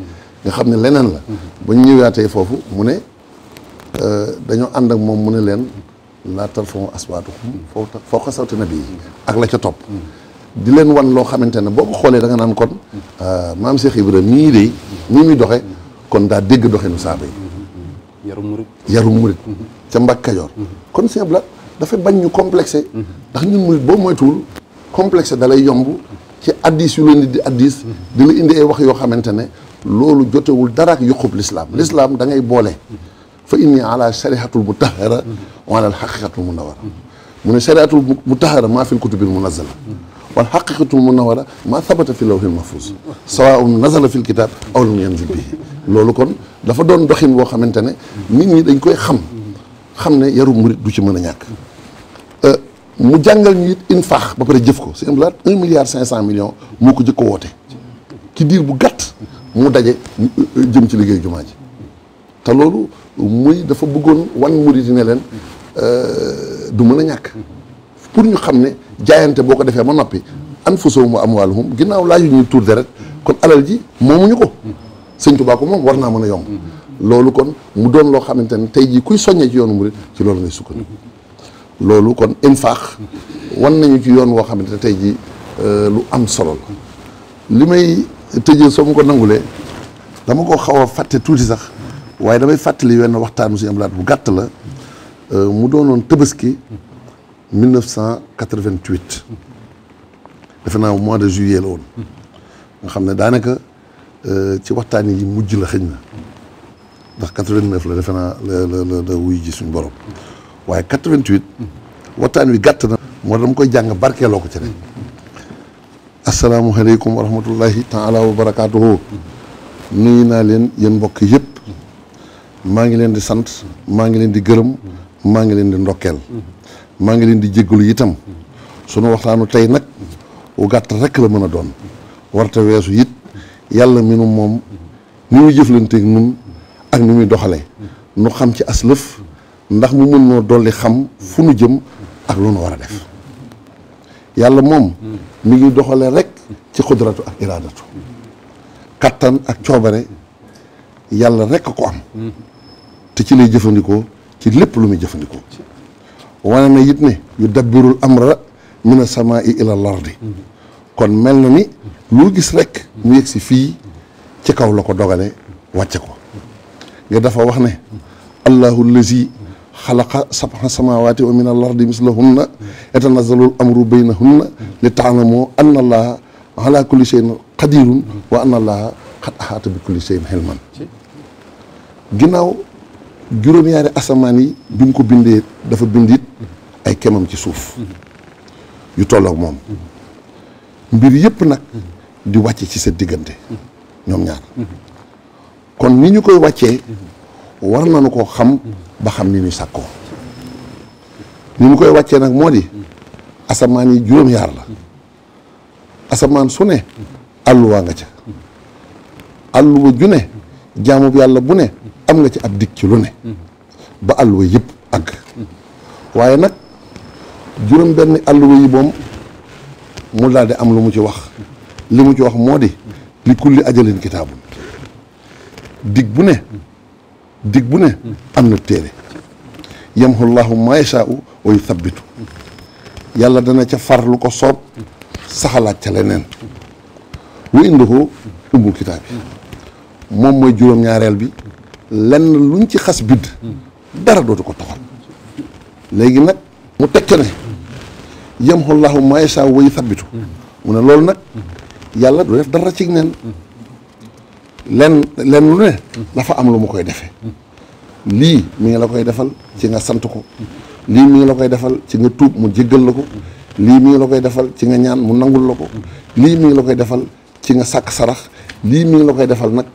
nga xam ne leneen la bañ ñëwaatee foofu mu ne euh, dañoo ànd ak moom mu ne leen laa talfahu aswaatukum fawqa sawti nabi ak la ca topp di leen wan loo xamante ne boo ko xoolee danga naan kon euh, maam seex bi Ibra nii de nii muy doxe kon daa dégg doxinu saaba yi yaru murit yaru murit ca Mbàkke Kajoor kon Sëñ la dafa bañ ñu complexé ndax ñu murit boo moytuwul complexé dalay yomb ci addis yu leen di addis di la indi ay wax yoo xamante ne loolu jotewul dara ak yuqub lislaam lislaam da ngay boole fa inni ala sharihatul mutahhara wala alxaqiqatul munawara mu ne chariatul mutahara maa fi lkutubil munazala wal xaqiqatul munawara maa thabata fi lawhil mahfuz sawaun nazala fi lkitab aw lam yanzil bihi loolu kon dafa doon doxin boo xamante ne nit ñi dañ koy xam xam ne yaru murit du ci mën a ñàkk mu jàngal ñu it infaax ba pare jëf ko c'est un milliard cinq cent millions moo ko jëkk ko woote ci bu gàtt mu daje jëm ci liggéey jumaa ji te loolu muy dafa bëggoon wan murit yi ne leen du mën a ñàkk pour ñu xam ne jaayante boo ko defee ma noppi mu am wa amwaaluhum ginnaaw laaju ñu tuur deret kon alal ji moomuñu ko sëñ Tuubaa ko moom war naa mën a yomb loolu kon mu doon loo xamante ne tey jii kuy soññee ci yoonu murid ci loolu ngay sukkandiku loolu kon infaax wan nañu ci yoon woo xamante ne tey jii euh, lu am solo la li may tëjee soo mu ko nangulee dama ko xaw a fàtte tuuti sax waaye damay fàttali wenn waxtaanu si am laat bu gàtt la Euh, mu doonoon Tabaski 1988 defe naa mois de juillet la woon nga xam ne daanaka euh, ci waxtaan yi mujj la xëñ na ndax 89 la defe naa la la la wuy ji suñu borom waaye 88 wi gàtt na. moo dama koy jàng barkeeloo ko ci rek. asalaamualeykum wa rahmatullahi taala wa barakaatuhu. nuyu naa leen yéen mbokk yëpp. maa ngi leen di sant maa ngi leen di gërëm. maa ngi leen di ndokkeel maa ngi leen di jéggalu itam sunu waxtaanu tey nag u gàtt rekk la mën a doon warta weesu yit yàlla mi nu moom ni muy jëflanteeg nun ak nu muy doxale nu xam ci aslëf ndax mu mën noo dolli xam fu nu jëm ak lu nu war a def yàlla moom mi ngi doxale rek ci xudratu ak iraadatu kattan ak coobare yàlla rek ko am te ci lay jëfandikoo ci lépp lu muy jëfandikoo wane na it ne yu dabbirul amra mina samaa i ila lardi kon mel na ni loo gis rek mu yegg si fii ci kaw la ko dogale wàcce ko nga dafa wax ne allahu lazi xalaqa sabxa samawati wa min alardi mislahunna yatanazalul amru baynahunna li taalamoo anna allaha ala kulli cheyin qadirun wa anna allaha xat axaata bi kulli cheyin xilman ginnaaw juróom-ñaari asamaan yi bi mu ko bindee dafa bindit ay kemam ci suuf yu tollook moom mbir yépp nag di wàcce ci sa diggante ñoom ñaar kon ni ñu koy wàccee war nañu ko xam ba xam ni ñu sàkkoo ni ñu koy wàccee nag moo di asamaan yi juróom-ñaar la asamaan su ne àlluwaa nga ca àlluwa ju ne jaamub yàlla bu ne am nga ci ab dig ci lu ne ba àlluwa yëpp àgg waaye nag juróom benn àlluwa yi moom mu daal di am lu mu ci wax li mu ci wax moo di li kulli ajalin kitaabun dig bu ne dig bu ne am na téere yamhu llahu maa yashaa'u wa yuthabbitu yàlla dana ca far lu ko soob saxalaat ca leneen wa indahu ummul kitaab yi moom mooy juróom ñaareel bi lenn luñ ci xas bidd dara dootu ko toxal léegi nag mu teg ne yamhu llaahu maa yashaa wa yuthabbitu mu ne loolu nag yàlla du def dara ci neen lenn lenn lu ne dafa am lu mu koy defe lii mu ngi la koy defal ci nga sant ko lii mi ngi la koy defal ci nga tuub mu jéggal la ko lii mi ngi la koy defal ci nga ñaan mu nangul la ko lii mi ngi la koy defal ci nga sàkk sarax lii mu ngi la koy defal nag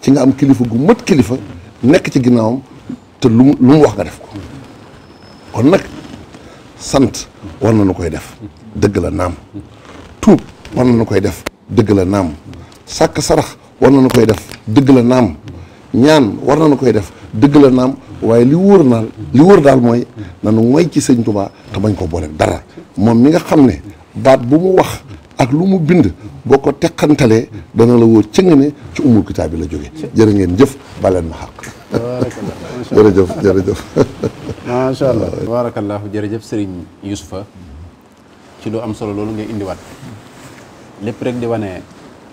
ci nga am kilifa gu mët kilifa nekk ci ginnaawam te lu mu wax nga def ko kon nag sant war na nu koy def dëgg la naam tuub war na nu koy def dëgg la naam sàkk sarax war na koy def dëgg la naam ñaan war na nu koy def dëgg la naam waaye li wóor naal li wër daal mooy na nanu moy ci sëñ Tuubaa te bañ ko booleek dara moom mi nga xam ne baat bu mu wax ak lu mu bind boo ko teqantalee dana la wóor cëng ne ci umul kitaab bi la jóge jërë ngeen jëf baleen ma xaq jërëjëf jërëjëf macha allah jërëjëf sëriñ Youssoufa ci lu am solo loolu ngay indiwaat lépp rek di wane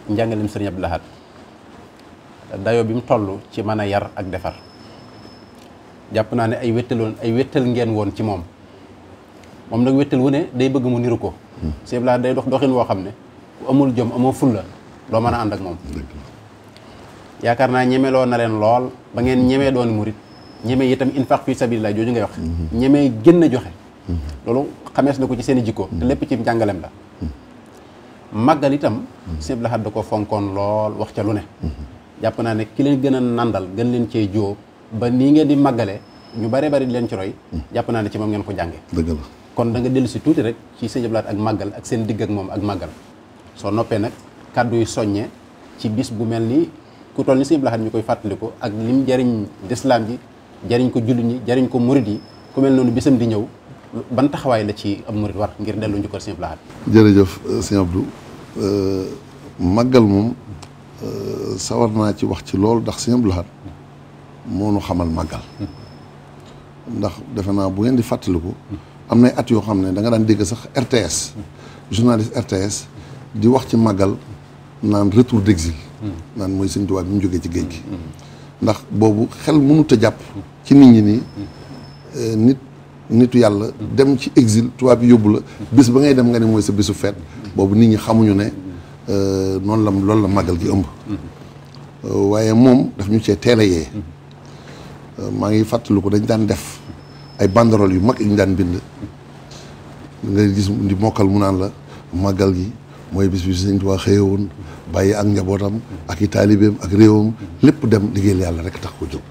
njàngaleem sëriñ Abdou dayo bi mu toll ci mën a yar ak defar jàpp naa ne ay wéttaloon ay wéttal ngeen woon ci moom moom nag wettal wu ne day bëgg mu niru ko. sëñ Abdoulaye day dox doxin woo xam ne ku amul jom amoo fulla doo mën a ànd ak moom. yaakaar naa ñemeloo na leen lool ba ngeen ñemee doon murit ñeme itam infaq fi sabilillah jooju ngay wax. Mhm. ñeme gën a joxe. Mhm. loolu xamees na ko ci seen i jikko. te mhm. lépp ci njàngaleem la. màggal itam. sëñ Abdoulaye Hadj da ko fonkoon lool wax ca lu ne. jàpp naa ne ki leen gën a nandal gën leen cee joo ba nii ngeen di màggale ñu bare bari di leen ci roy. jàpp naa ne ci moom ngeen ko jàngee. dëgg la. kon da nga dellu si tuuti rek ci sëñ Abdou Lahad ak màggal ak seen digg ak moom ak màggal soo noppee nag kàddu yu soññee ci bis bu mel ni ku toll ni sëñ Abdou ñu koy fàttaliku ak lim jariñ lislaam ji jariñ ko jullit ñi jariñ ko murid yi ku mel noonu bisam di ñëw ban taxawaay la ci am murid war ngir dellu njukkal sëñ Abdou Lahad. jërëjëf euh, sëñ Abdou euh, màggal moom euh, sawar naa ci wax ci loolu ndax sëñ Abdou Lahad xamal màggal. Hmm. ndax defe naa bu ngeen di fàttaliku. Hmm. am nay at yoo xam ne da nga daan dégg sax RTS journaliste RTS di wax ci màggal naan retour d'exil naan mooy sëñ Tuubaa bi mu jógee ci géej gi ndax boobu xel mënut jàpp ci nit ñi nii eh, nit nitu yàlla dem ci exil tubaab bi yóbbu la bis ba ngay dem nga ne mooy sa bisu feet boobu nit ñi xamuñu ne eh, noonu la loolu la màggal gi ëmb eh, waaye moom daf ñu cee teel a yee maa ngi fàttaliku dañ daan def ay banderole yu mag ñu daan bind nga gis di mokkal mu naan la maggal gi mooy bis bi sëñ Tuubaa xëye woon bàyyi ak njabootam ak i taalibeem ak réewam lépp dem liggéeyal yàlla rek tax ko jóg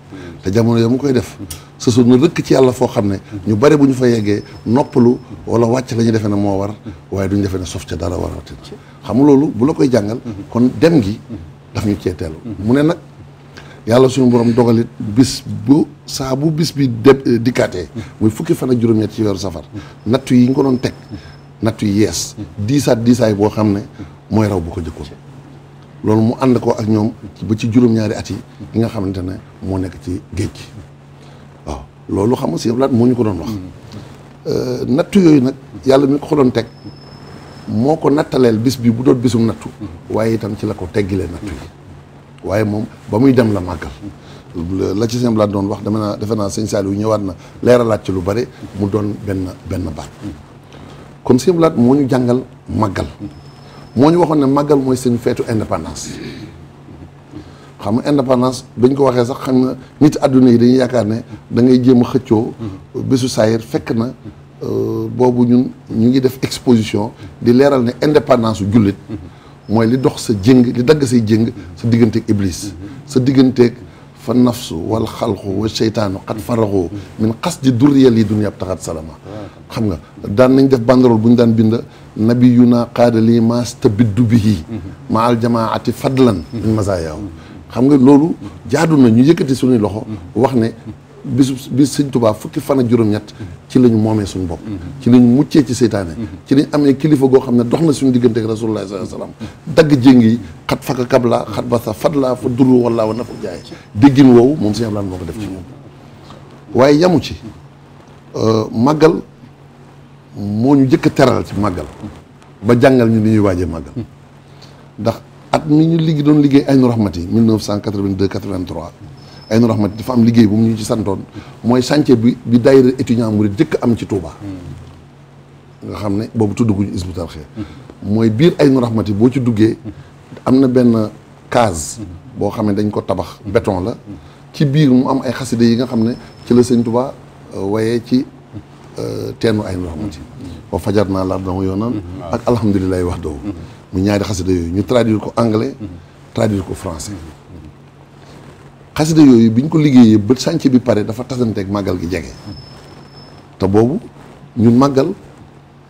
te jamono ya mu koy def sësu na rëkk ci yàlla foo xam ne ñu bari bu ñu fa yeggee noppalu walla wàcc la ñu defee ne moo war waaye duñ defee ne sof ca dara waratin xam nga loolu bu la koy jàngal kon dem gi daf ñu ceeteelu mu ne nag yàlla suñu borom dogalit bis bu saabu bis bi de eh, dikkaatee muy fukki fan ak juróom-ñett ci weeru safar nattu yi ñu ko doon teg nattu yi yees diisaat diisaay boo xam ne mooy raw bu ko jëkkoon loolu mu ànd ko ak ñoom ba ci juróom-ñaari at yi yi nga xamante ne moo nekk ci géej gi waaw loolu xam nga si laat moo ñu ko doon wax eh, nattu yooyu nag yàlla mi ko ko doon teg moo ko nattaleel bis bi bu doon bisum nattu waaye itam ci la ko teggilee nattu yi waaye moom ba muy dem la màggal la ci sëñ doon wax dama naa defe naa sëñ Saliou ñëwaat na leeralaat ci lu bare mu doon benn benn baat kon sëñ moo ñu jàngal màggal moo ñu waxoon ne màggal mooy seen feetu indépendance xam nga indépendance bañ ko waxee sax xam nga nit àdduna yi dañuy yaakaar ne dangay ngay jéem a xëccoo bésu saayir fekk na euh, boobu ñun ñu ngi def exposition di leeral ne indépendance yu jullit mooy li dox sa jëng li dagg say jëng sa digganteeg iblis sa digganteeg fa nafsu wal xalqu wa seytaanu xat faraxoo min xas di ji durriyal yi dunya ab taxat salama xam nga daan nañ def banderole bu ñu daan bind nabiyuna qaada lii mastabiddu bihi ma al jamaati fadlan min masayaaw xam nga loolu jaadu na ñu yëkkati suñuy loxo wax ne bisu bi suñ Tuubaa fukki fan ak juróom-ñett ci la ñu moomee suñu bopp ci la ñu muccee ci seytaane ci lañ amee kilifa goo xam ne dox na suñu diggante ak rasulullah sallallahu alayhi wasallam dagg jéng yi xat faka kabla xat basa fadla fa duru wala wa nafa jaay déggin woowu moom sëñ Abdoulaye moo ko def ci moom waaye yamu ci euh, màggal moo ñu jëkk a teral ci màggal ba jàngal ñu ni ñuy waajee màggal ndax at mi ñu liggi doon liggéey Aynu Rahmati 1982 83 Aynu Rahmati dafa am liggéey bu mu ñu ci santoon mooy chantier bi bi daayira étudiant murid jëkk am ci Touba. nga xam ne boobu tudduguñu Hizbut Tarqiyyah mooy biir Aynu Rahmati boo ci duggee am na benn kaas boo xam ne dañ ko tabax béton la ci biir mu am ay xasida yi nga xam ne ci la sëñ Touba euh, waaye ci euh, teenu Aynu Rahmati boo fajar naa lar dama yoonoon ak alhamdulilahi wax doowu mu ñaari xasida yooyu ñu traduire ko anglais traduire ko français xasida yooyu biñ ko liggéeyee ba sànc bi pare dafa tasanteeg màggal gi jege te boobu ñun màggal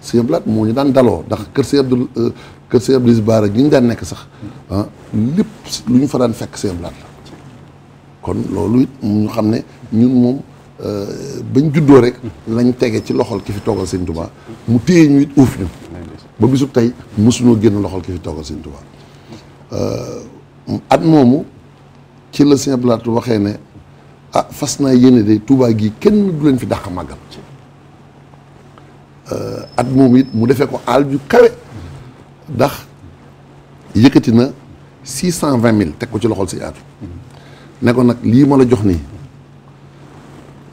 sëñ moo ñu daan daloo ndax kër sëñ Abdul euh, kër sëñ Abdul Baara daan nekk sax ah ñu fa daan fekk sëñ la kon loolu it ñu xam ne ñun moom euh, bañ juddoo rek lañ tege ci loxol ki fi toogal sëñ Tuubaa mu téye ñu it uuf ñu ba bisu tey mosuñoo génn loxol ki fi toogal sëñ Tuubaa euh, at moomu ci la Sëñ Abdou Lahad waxee ne ah fas naa yéene de tubaa gi kenn du leen fi dàq màggal euh, at moom it mu defee ko àll ju kawe dax yëkkati na six cent vingt mille teg ko ci loxol si aatu ne ko nag lii ma la jox nii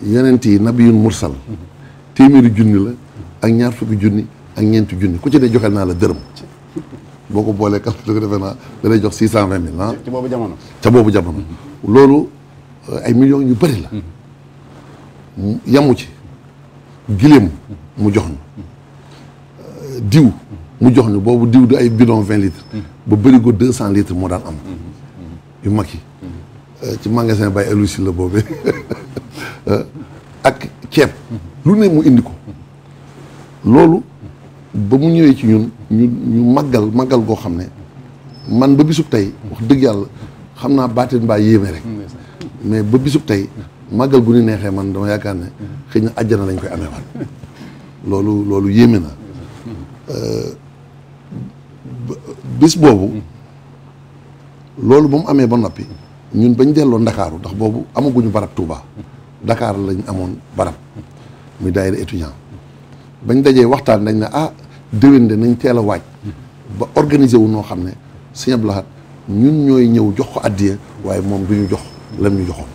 yenent yi nabiyun mursal téeméeri junni la ak ñaar fukki junni ak ñeenti junni ku ci ne joxel naa la dërëm boo ko boolee calcul ko defe naa jox six cent vingt mille ah. ci boobu ca boobu jamono. loolu euh, ay million ñu bëri la. Mm-hmm. yamu ci. gileem mu jox ñu. Euh, diw mu jox ñu boobu diw du ay bidon vingt litres. Mm-hmm. ba bëri ko deux cent litre moo daan am. Mm-hmm. yu mag yi. Euh, ci magasin Baye Elou Sy la boobee ak ceeb. lu ne mu indi ko. loolu. ba mu ñëwee ci ñun ñu ñu màggal màggal goo xam ne man ba bisub tey wax dëgg yàlla xam naa baatin baa yéeme rek mais ba bisub tey màggal gu ñu neexee man dama yaakaar ne xëy na àjjana lañ koy amee loolu yéeme na euh, bis boobu loolu ba mu amee ba noppi ñun bañ delloo ndakaaru ndax boobu amaguñu barab Touba ndakaar lañ amoon barab muy daayira étudiant bañ dajee waxtaan dañ ne ah déwén de nañ teel a waaj hmm. ba organiser wu noo xam ne sëñ Abdou Lahad ñun ñooy ñëw jox ko addiya waaye moom du ñu jox lam ñu joxoon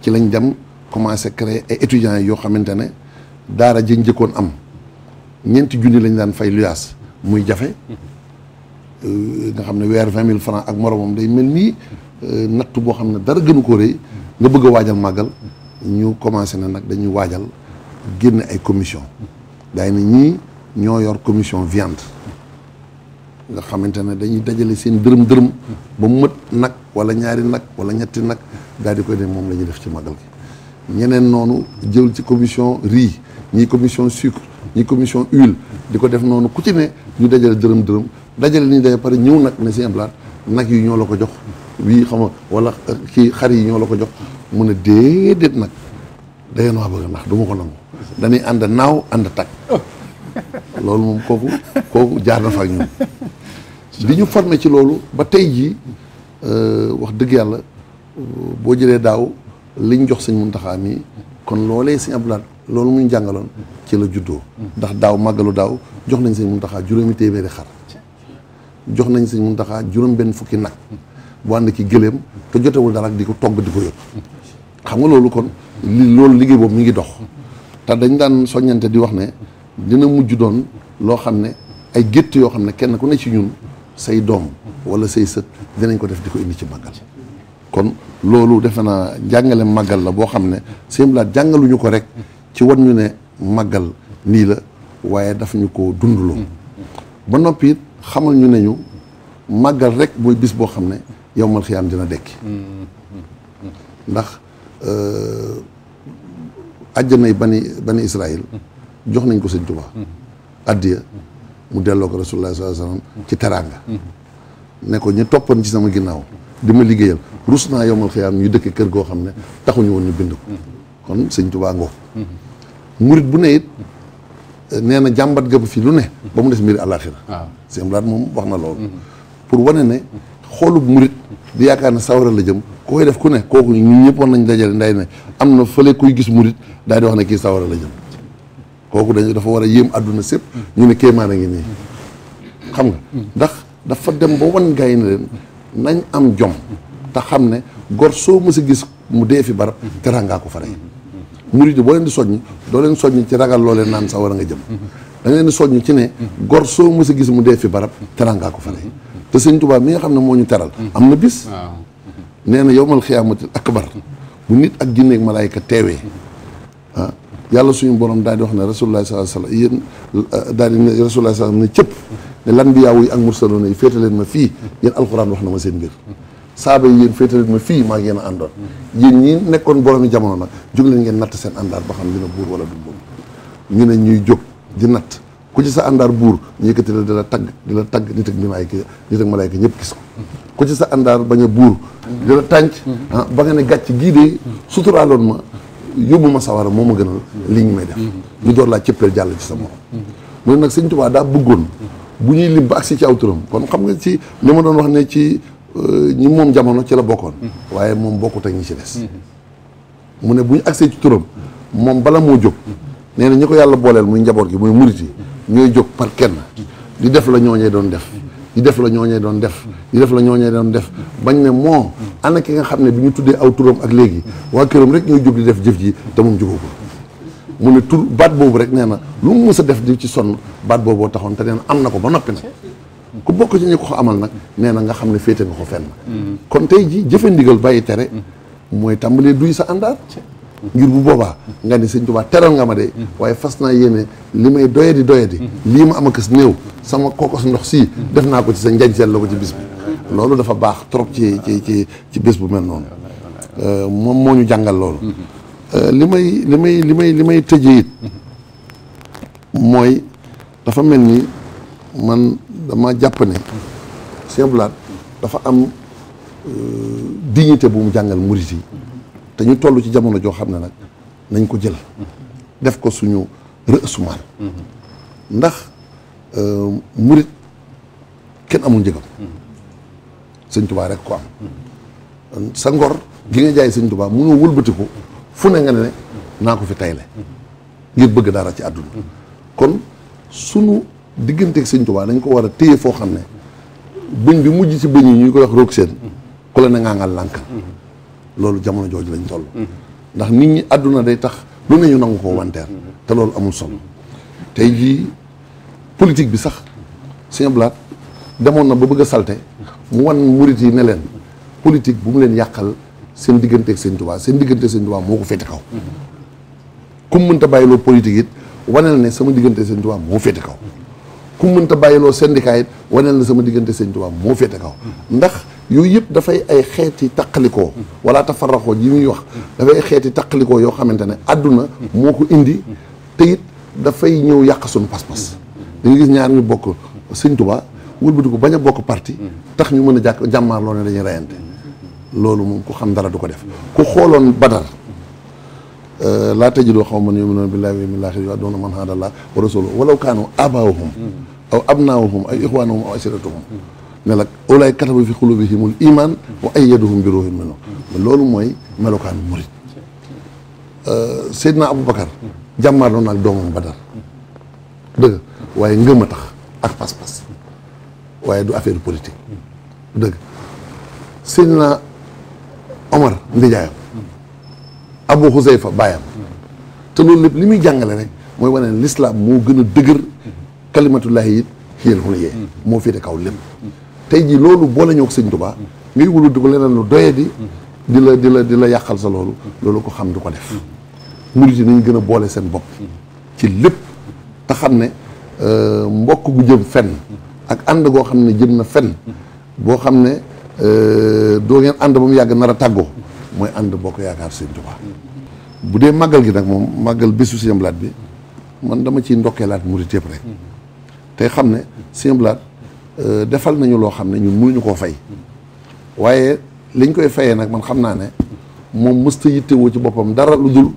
ci lañ dem commencé créer ay étudiants yoo xamante ne daara jën jëkkoon am ñeenti junni lañ daan fay luyaas muy jafe hmm. euh, nga xam ne weer vingt mille francs ak moromam day mel nii euh, nattu boo xam ne dara gënu ko rëy hmm. nga bëgg a waajal màggal ñu commencé na nag dañuy waajal génn ay commission daay na ñii ñoo yor commission viande nga xamante ne dañuy dajale seen dërëm dërëm ba mu mët nag wala ñaari nag wala ñetti nag daal di koy dem moom la ñuy def ci magal gi ñeneen noonu jël ci commission riz ñii commission sucre ñii commission huile di ko def noonu ku ci ñu dajale dërëm dërëm dajale ni day pare ñëw nag ne seen blaat nag yi ñoo la ko jox wii xam nga wala kii xar yi ñoo la ko jox mun a déedéet nag dayeen waa bëgg ndax du ma ko nangu dañuy ànd naaw ànd takk loolu moom kooku kooku jaar na fa ak ñun bi ñu formé ci loolu ba tey jii euh, wax dëgg yàlla boo jëlee daaw liñ jox sëñ Muntaxa mi kon loolee sëñ Abdou Lahad loolu mu jàngaloon ci la juddoo ndax daaw màggalu daaw jox nañ sëñ Muntaxa juróomi téeméeri xar nañ sëñ Muntaxa juróom benn fukki nag bu ànd ki gëléem te jotewul dara ak di ko togg di ko yóbbu xam nga loolu kon li liggéey boobu mi ngi dox te dañ daan soññante di wax ne dina mujj doon loo xam ne ay gétt yoo xam ne kenn ku ne ci ñun say doom wala say sët dinañ ko def di ko indi ci màggal kon loolu defe na jàngale màggal la boo xam ne simlaat jàngaluñu ko rek ci wan ñu ne màggal nii la waaye daf ñu ko dundloo ba noppi it xamal ñu ne ñu màggal rek mooy bis boo xam ne yow mal xiyaam dina dekki mm-hmm. ndax euh, àjjanay bani bani Israël jox nañ ko sëñ Tuubaa mm-hmm. addiya mu delloo ko rasulullah sallallahu alayhi wasallam ci teraanga mm-hmm. ne ko ñu toppoon ci sama ginnaaw di ma liggéeyal rus naa yomal xiyaam ñu dëkk kër goo xam ne taxuñu woon ñu bind ko mm-hmm. kon sëñ Tuubaa ngoo murit bu ne it nee na jàmbat ga bu fi lu ne ba mu des mbiri àllaaxira ah. sëñ Blaat moom wax na loolu pour wane ne xoolub murit di yaakaar ne sawara la jëm ku koy def ku ne kooku ñun ñëpp war nañ dajale nday ne am na fële kuy gis murit daal di wax ne kii sawara la jëm kooku dañu dafa war a yéem àdduna sépp ñu ne kéemaan a ngi nii xam nga ndax dafa dem ba wan gaay leen nañ am jom te xam ne gor soo mës a gis mu dee fi barab terangaa ko fa boo leen di soññ doo leen soññ ci ragal loo leen naan sa war nga jëm da nga leen di ci ne gor soo mës a gis mu dee fi barab terangaa ko fa rey te sëñ Tuubaa mi nga xam ne moo ñu teral am na bis nee na yowmal xiyaamatil akbar bu nit ak jinne ak malaayka teewee yàlla suñu borom daal di wax ne rasulullah sallallahu alayhi wasallam yéen euh, daal di ne rasulullah sallam ne cëpp ne lan bi yaawu yi ak mursaloona yi féete leen ma fii yéen alxuraan wax na ma seen mbir saaba yi yéen ma fii maa ngi yéen a àndoon ñi nekkoon boroomi jamono nag jóg leen ngeen natt seen àndaar ba xam dina buur wala du buur ñu ne ñuy jóg di natt ku ci sa andaar buur ñu yëkkati la di la tagg di la tagg nit ak malaayka nit ak malaayka ñëpp gis ko ku ci sa àndaar bañ a buur di la tànc mm-hmm. ah, ba nga ne gàcc ma yóbbu ma sawara moo ma gënal lii ñu may def mhm. ñu door laa cëppeel jàll ci sa morom mu ne nag sëñ Tuubaa daa bëggoon bu ñuy lim ba agsi ci aw turam kon xam nga ci li ma doon wax ne ci euh, ñi moom jamono ci la bokkoon mhm. waaye moom bokkut ak ñi ci des mhm. mu ne bu ñu agsee ci turam moom bala moo jóg nee na ñi ko yàlla booleel muy njaboot gi muy murit yi ñooy jóg par kenn di def la ñooñee doon def di def la ñooñee doon def def la ñooñee doon def bañ ne moo ana ki nga xam ne bi ñu tuddee aw turam ak léegi waa këram rek ñooy jóg di def jëf ji te moom jógoo ko mu ne tur baat boobu rek nee na lu mu mës a def di ci sonn baat booboo taxoon te nee na am na ko ba noppi nag ku bokk ci ñu ko amal nag nee na nga xam ne féete nga ko fenn mm-hmm. kon tey ji jëfe ndigal bàyyi tere mm-hmm. mooy tàmbalee duy sa àndaar ngir bu boobaa nga ne sëñ Tuubaa teral nga ma de mm-hmm. waaye fas naa yéene li may doyadi doyadi lii ma am a kës néew sama kookos ndox sii def naa ko ci sa njañ la ko ci loolu dafa baax trop ci ci ci ci bés bu mel noonu euh, moom moo ñu jàngal loolu euh, li may li may li may li may tëjee mooy dafa mel ni man dama jàpp ne Sëñ dafa am euh, dignité bu mu jàngal murit yi te ñu toll ci jamono joo xam ne nag nañ ko jël def ko suñu rësumaan ndax murit kenn amul njëgam sëñ tubaa rek ko am sa ngor gi nga jaay sëñ tubaa mënoo wëlbatiku fu ne nga ne naa ko fi tayle ngir bëgg dara ci àdduna kon sunu digganteeg sëñ tubaa dañ ko war a téye foo xam ne bëñ bi mujj ci bëñ yi ñu koy wax roog seen ku la ne ngaangal lànkal loolu jamono jooju lañ toll ndax nit ñi àdduna day tax lu ne ñu nangu koo wanteer te loolu amul solo tey jii politique bi sax sëñ Blaat demoon na ba bëgg a salte mu wan murit yi ne leen politique bu mu leen yàqal seen digganteeg seen Tuubaa seen digganteeg seen Tuubaa moo ko féete kaw. kum mënta bàyyiloo politique it wane na ne sama diggante seen Tuubaa moo féete kaw. kum mënta bàyyiloo syndicat it wane na sama diggante seen Tuubaa moo féete kaw. ndax yooyu yëpp dafay ay xeeti taqalikoo. wala tafarraxoo yi muy wax. dafay ay xeeti taqalikoo yoo xamante ne àdduna. moo ko indi te dafay ñëw yàq suñu pas-pas. dañu gis ñaar ñu bokk sëñ Tuubaa ko bañ a bokk parti tax ñu mën a jàkk jàmmaarloo ne dañuy reyante loolu moom ku xam dara du ko def ku xooloon badar euh, laa tajidoo xaw man yuminuuna billahi man haadallah wa rasulahu walaw kaanu abaawahum aw abnaawahum aw ixwaanahum aw asiratuhum ne la ulaay kataba fi xulubihimul loolu mooy melokaanu murit euh, na ak dëgg waaye ngëm a tax ak pas-pas waaye du affaire politique. dëgg sëñ na Omar ndijaayam Abu Xuseyfa baayam te loolu lépp li muy jàngale rek mooy wane ne l'islam moo gën a dëgër kalimatullahi it xiyal xuna yee moo féete kaw lépp tey jii loolu boole ñoo ko sëñ Tuubaa ngay wulu di ko leneen lu doye di di la di la di la yàqal sa loolu loolu ko xam du ko def murit yi nañ gën a boole seen bopp ci lépp te xam ne euh, mbokk gu jëm fenn ak ànd goo xam ne jëm na fen boo xam ne euh, doo ngeen ànd ba mu yàgg nar a tàggoo mooy ànd boo ko yaakaar sëñ Tuubaa bu dee màggal gi nag moom màggal bésu sëñ Blaat bi man dama ciy ndokkeelaat murit yëpp xam ne sëñ Blaat euh, defal nañu loo xam ne ñun mënuñu koo fay waaye liñ koy fayee nag man xam naa ne moom mësta yittewoo ci boppam dara lu dul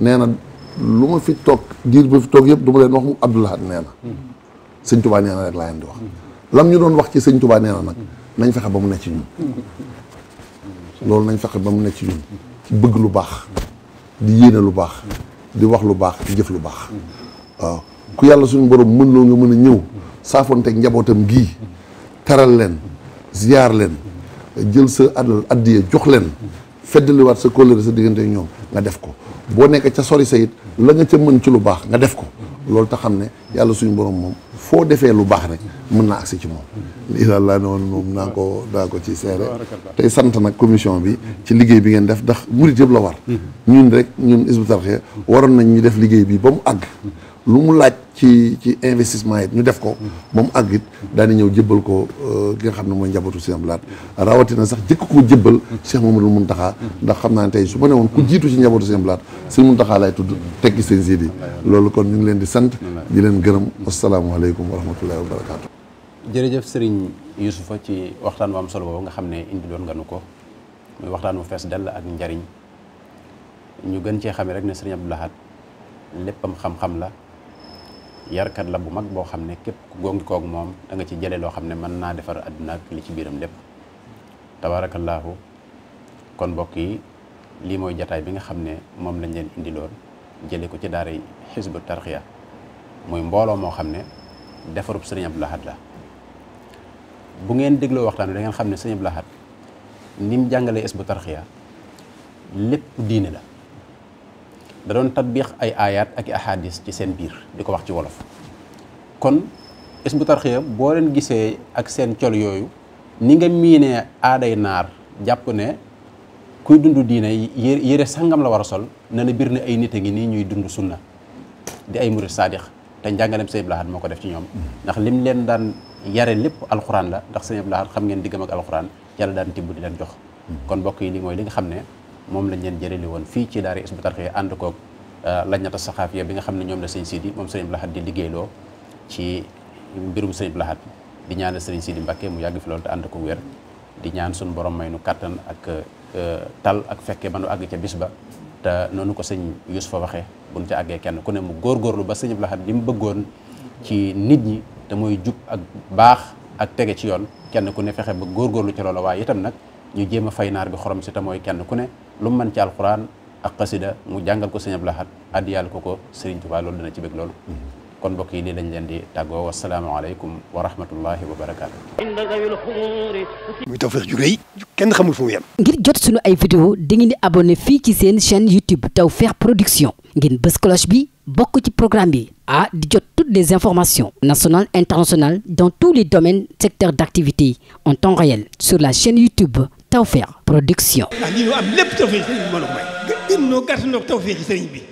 nee na lu ma fi toog giir ba fi toog yëpp duma ma leen wax mu Abdoulahat nee na sëñ tubaa nee na rek laa leen di wax lam ñu doon wax ci sëñ tubaa nee nag nañ fexe ba mu ne ci ñun loolu nañ fexe ba mu ne ci ñun ci bëgg lu baax di yéene lu baax di wax lu baax ci jëf lu baax waaw ku yàlla suñu borom mën loo nga mën a ñëw saafonteeg njabootam gii taral leen ziyaar leen jël sa adal addiya jox leen feddaliwaat sa kóllëre sa diggante ñoom nga def ko boo nekk ca sori sa it la nga ca mën ci lu baax nga def ko loolu tax xam ne yàlla suñu borom moom foo defee lu baax rek mun naa agsi ci moom lii daal laa ne woon moom naa ko daa ko ci seere tey sant nag commission bi ci liggéey bi ngeen def ndax murit yëpp la war mm-hmm. ñun rek ñun Hizbut Tarqiyyah waroon nañ ñu def liggéey bi ba mu àgg lu mu laaj ci ci investissement yit ñu def ko moom àgg it ñëw jëbbal ko euh, ki nga xam ne mooy njabootu Sëñ Abdou Lahad rawatina sax jëkk koo jëbbal moom lu mun Mountakha ndax xam naa ne tey su ma ne woon ku jiitu ci njabootu Sëñ Abdou si Sëñ Mountakha laay tudd tekki seen siid yi loolu kon ñu ngi leen di sant di leen gërëm asalaamaaleykum wa rahmatullahi wa barakaatu jërëjëf Serigne Youssoufa ci waxtaan bu am solo boobu nga xam ne indi doon nga nu ko muy waxtaan bu fees dell ak njariñ ñu gën cee xamee rek ne Sëriñ Abdou Lahad léppam xam-xam yarkat la bu mag boo xam ne képp ku gongi koog moom da nga ci jëlee loo xam ne mën naa defar àdduna ak li ci biiram lépp tabaarakallaahu kon mbokk yi lii mooy jataay bi nga xam ne moom lañ leen indiloon jëlee ko ci daaray xisbu tarxiya muy mbooloo moo xam ne defarub sëriñ Abdou Lahad la bu ngeen dégloo waxtaan bi da xam ne sëriñ Abdou Lahad ni mu jàngalee xisbu tarxiya lépp diine la da doon tatbiix ay aayaat ak i ahadis ci seen biir di ko wax ci wolof kon bu Tarqiyyah boo leen gisee ak seen col yooyu ni nga miinee aaday naar jàpp ne kuy dund diine yére sangam la war a sol na na biir ne ay nit a ngi nii ñuy dund sunna di ay murid saadix te njàngaleem sëñ Abdul Ahad moo ko def ci ñoom ndax lim leen daan yare lépp alxuraan la ndax sëñ Abdul Ahad xam ngeen diggam ak alxuraan yàlla daan tibb di leen jox hmm. kon mbokk yi li mooy li nga xam ne moom lañ leen jëleli woon fii ci daara Hizbut Tarqiyyah ànd koog euh, lajnata saxaafiya bi nga xam ne ñoom la sëñ Sidi moom sëñ Abdou Lahad di liggéeyloo ci mbirum sëñ laxat di ñaanal sëñ Sidi Mbàkke mu yàgg fi loolu te ànd ko wér di ñaan suñu borom may nu kattan ak euh, tal ak fekkee ba nu àgg ca bis ba te noonu ko sëñ fa waxee bu nu ca àggee kenn ku ne mu góor góorlu ba sëñ Abdou Lahad mu bëggoon ci nit ñi te mooy jub ak baax ak tege ci yoon kenn ku ne fexe ba góor góorgóorlu ci loola waaye itam nag ñu jéem a fay naar bi xorom si te kenn ku ne lu mu mën ci alxuraan ak xasida mu jàngal ko sëñ Abdou Lahad addiyal ko ko Sëriñ Tuubaa loolu dana ci bëgg loolu mm-hmm. kon mbokk yi lii lañ leen di tàggoo wasalaamaaleykum wa rahmatullahi wa barakaatu. muy Tawfekh ju rëy kenn xamul fu mu ngir jot suñu ay vidéo dangeen di abonné fii ci seen chaîne YouTube Tawfekh Production ngeen bës cloche bi bokk ci programme bi ah di jot toutes les informations nationales internationales dans tous les domaines secteurs d'activité en temps réel sur la chaîne YouTube. Tawfekh Production. ndax ah, lii am lépp tawfeer ci sëriñ bi mën a may. gën noo gàtt noo tawfeer ci sëriñ bi.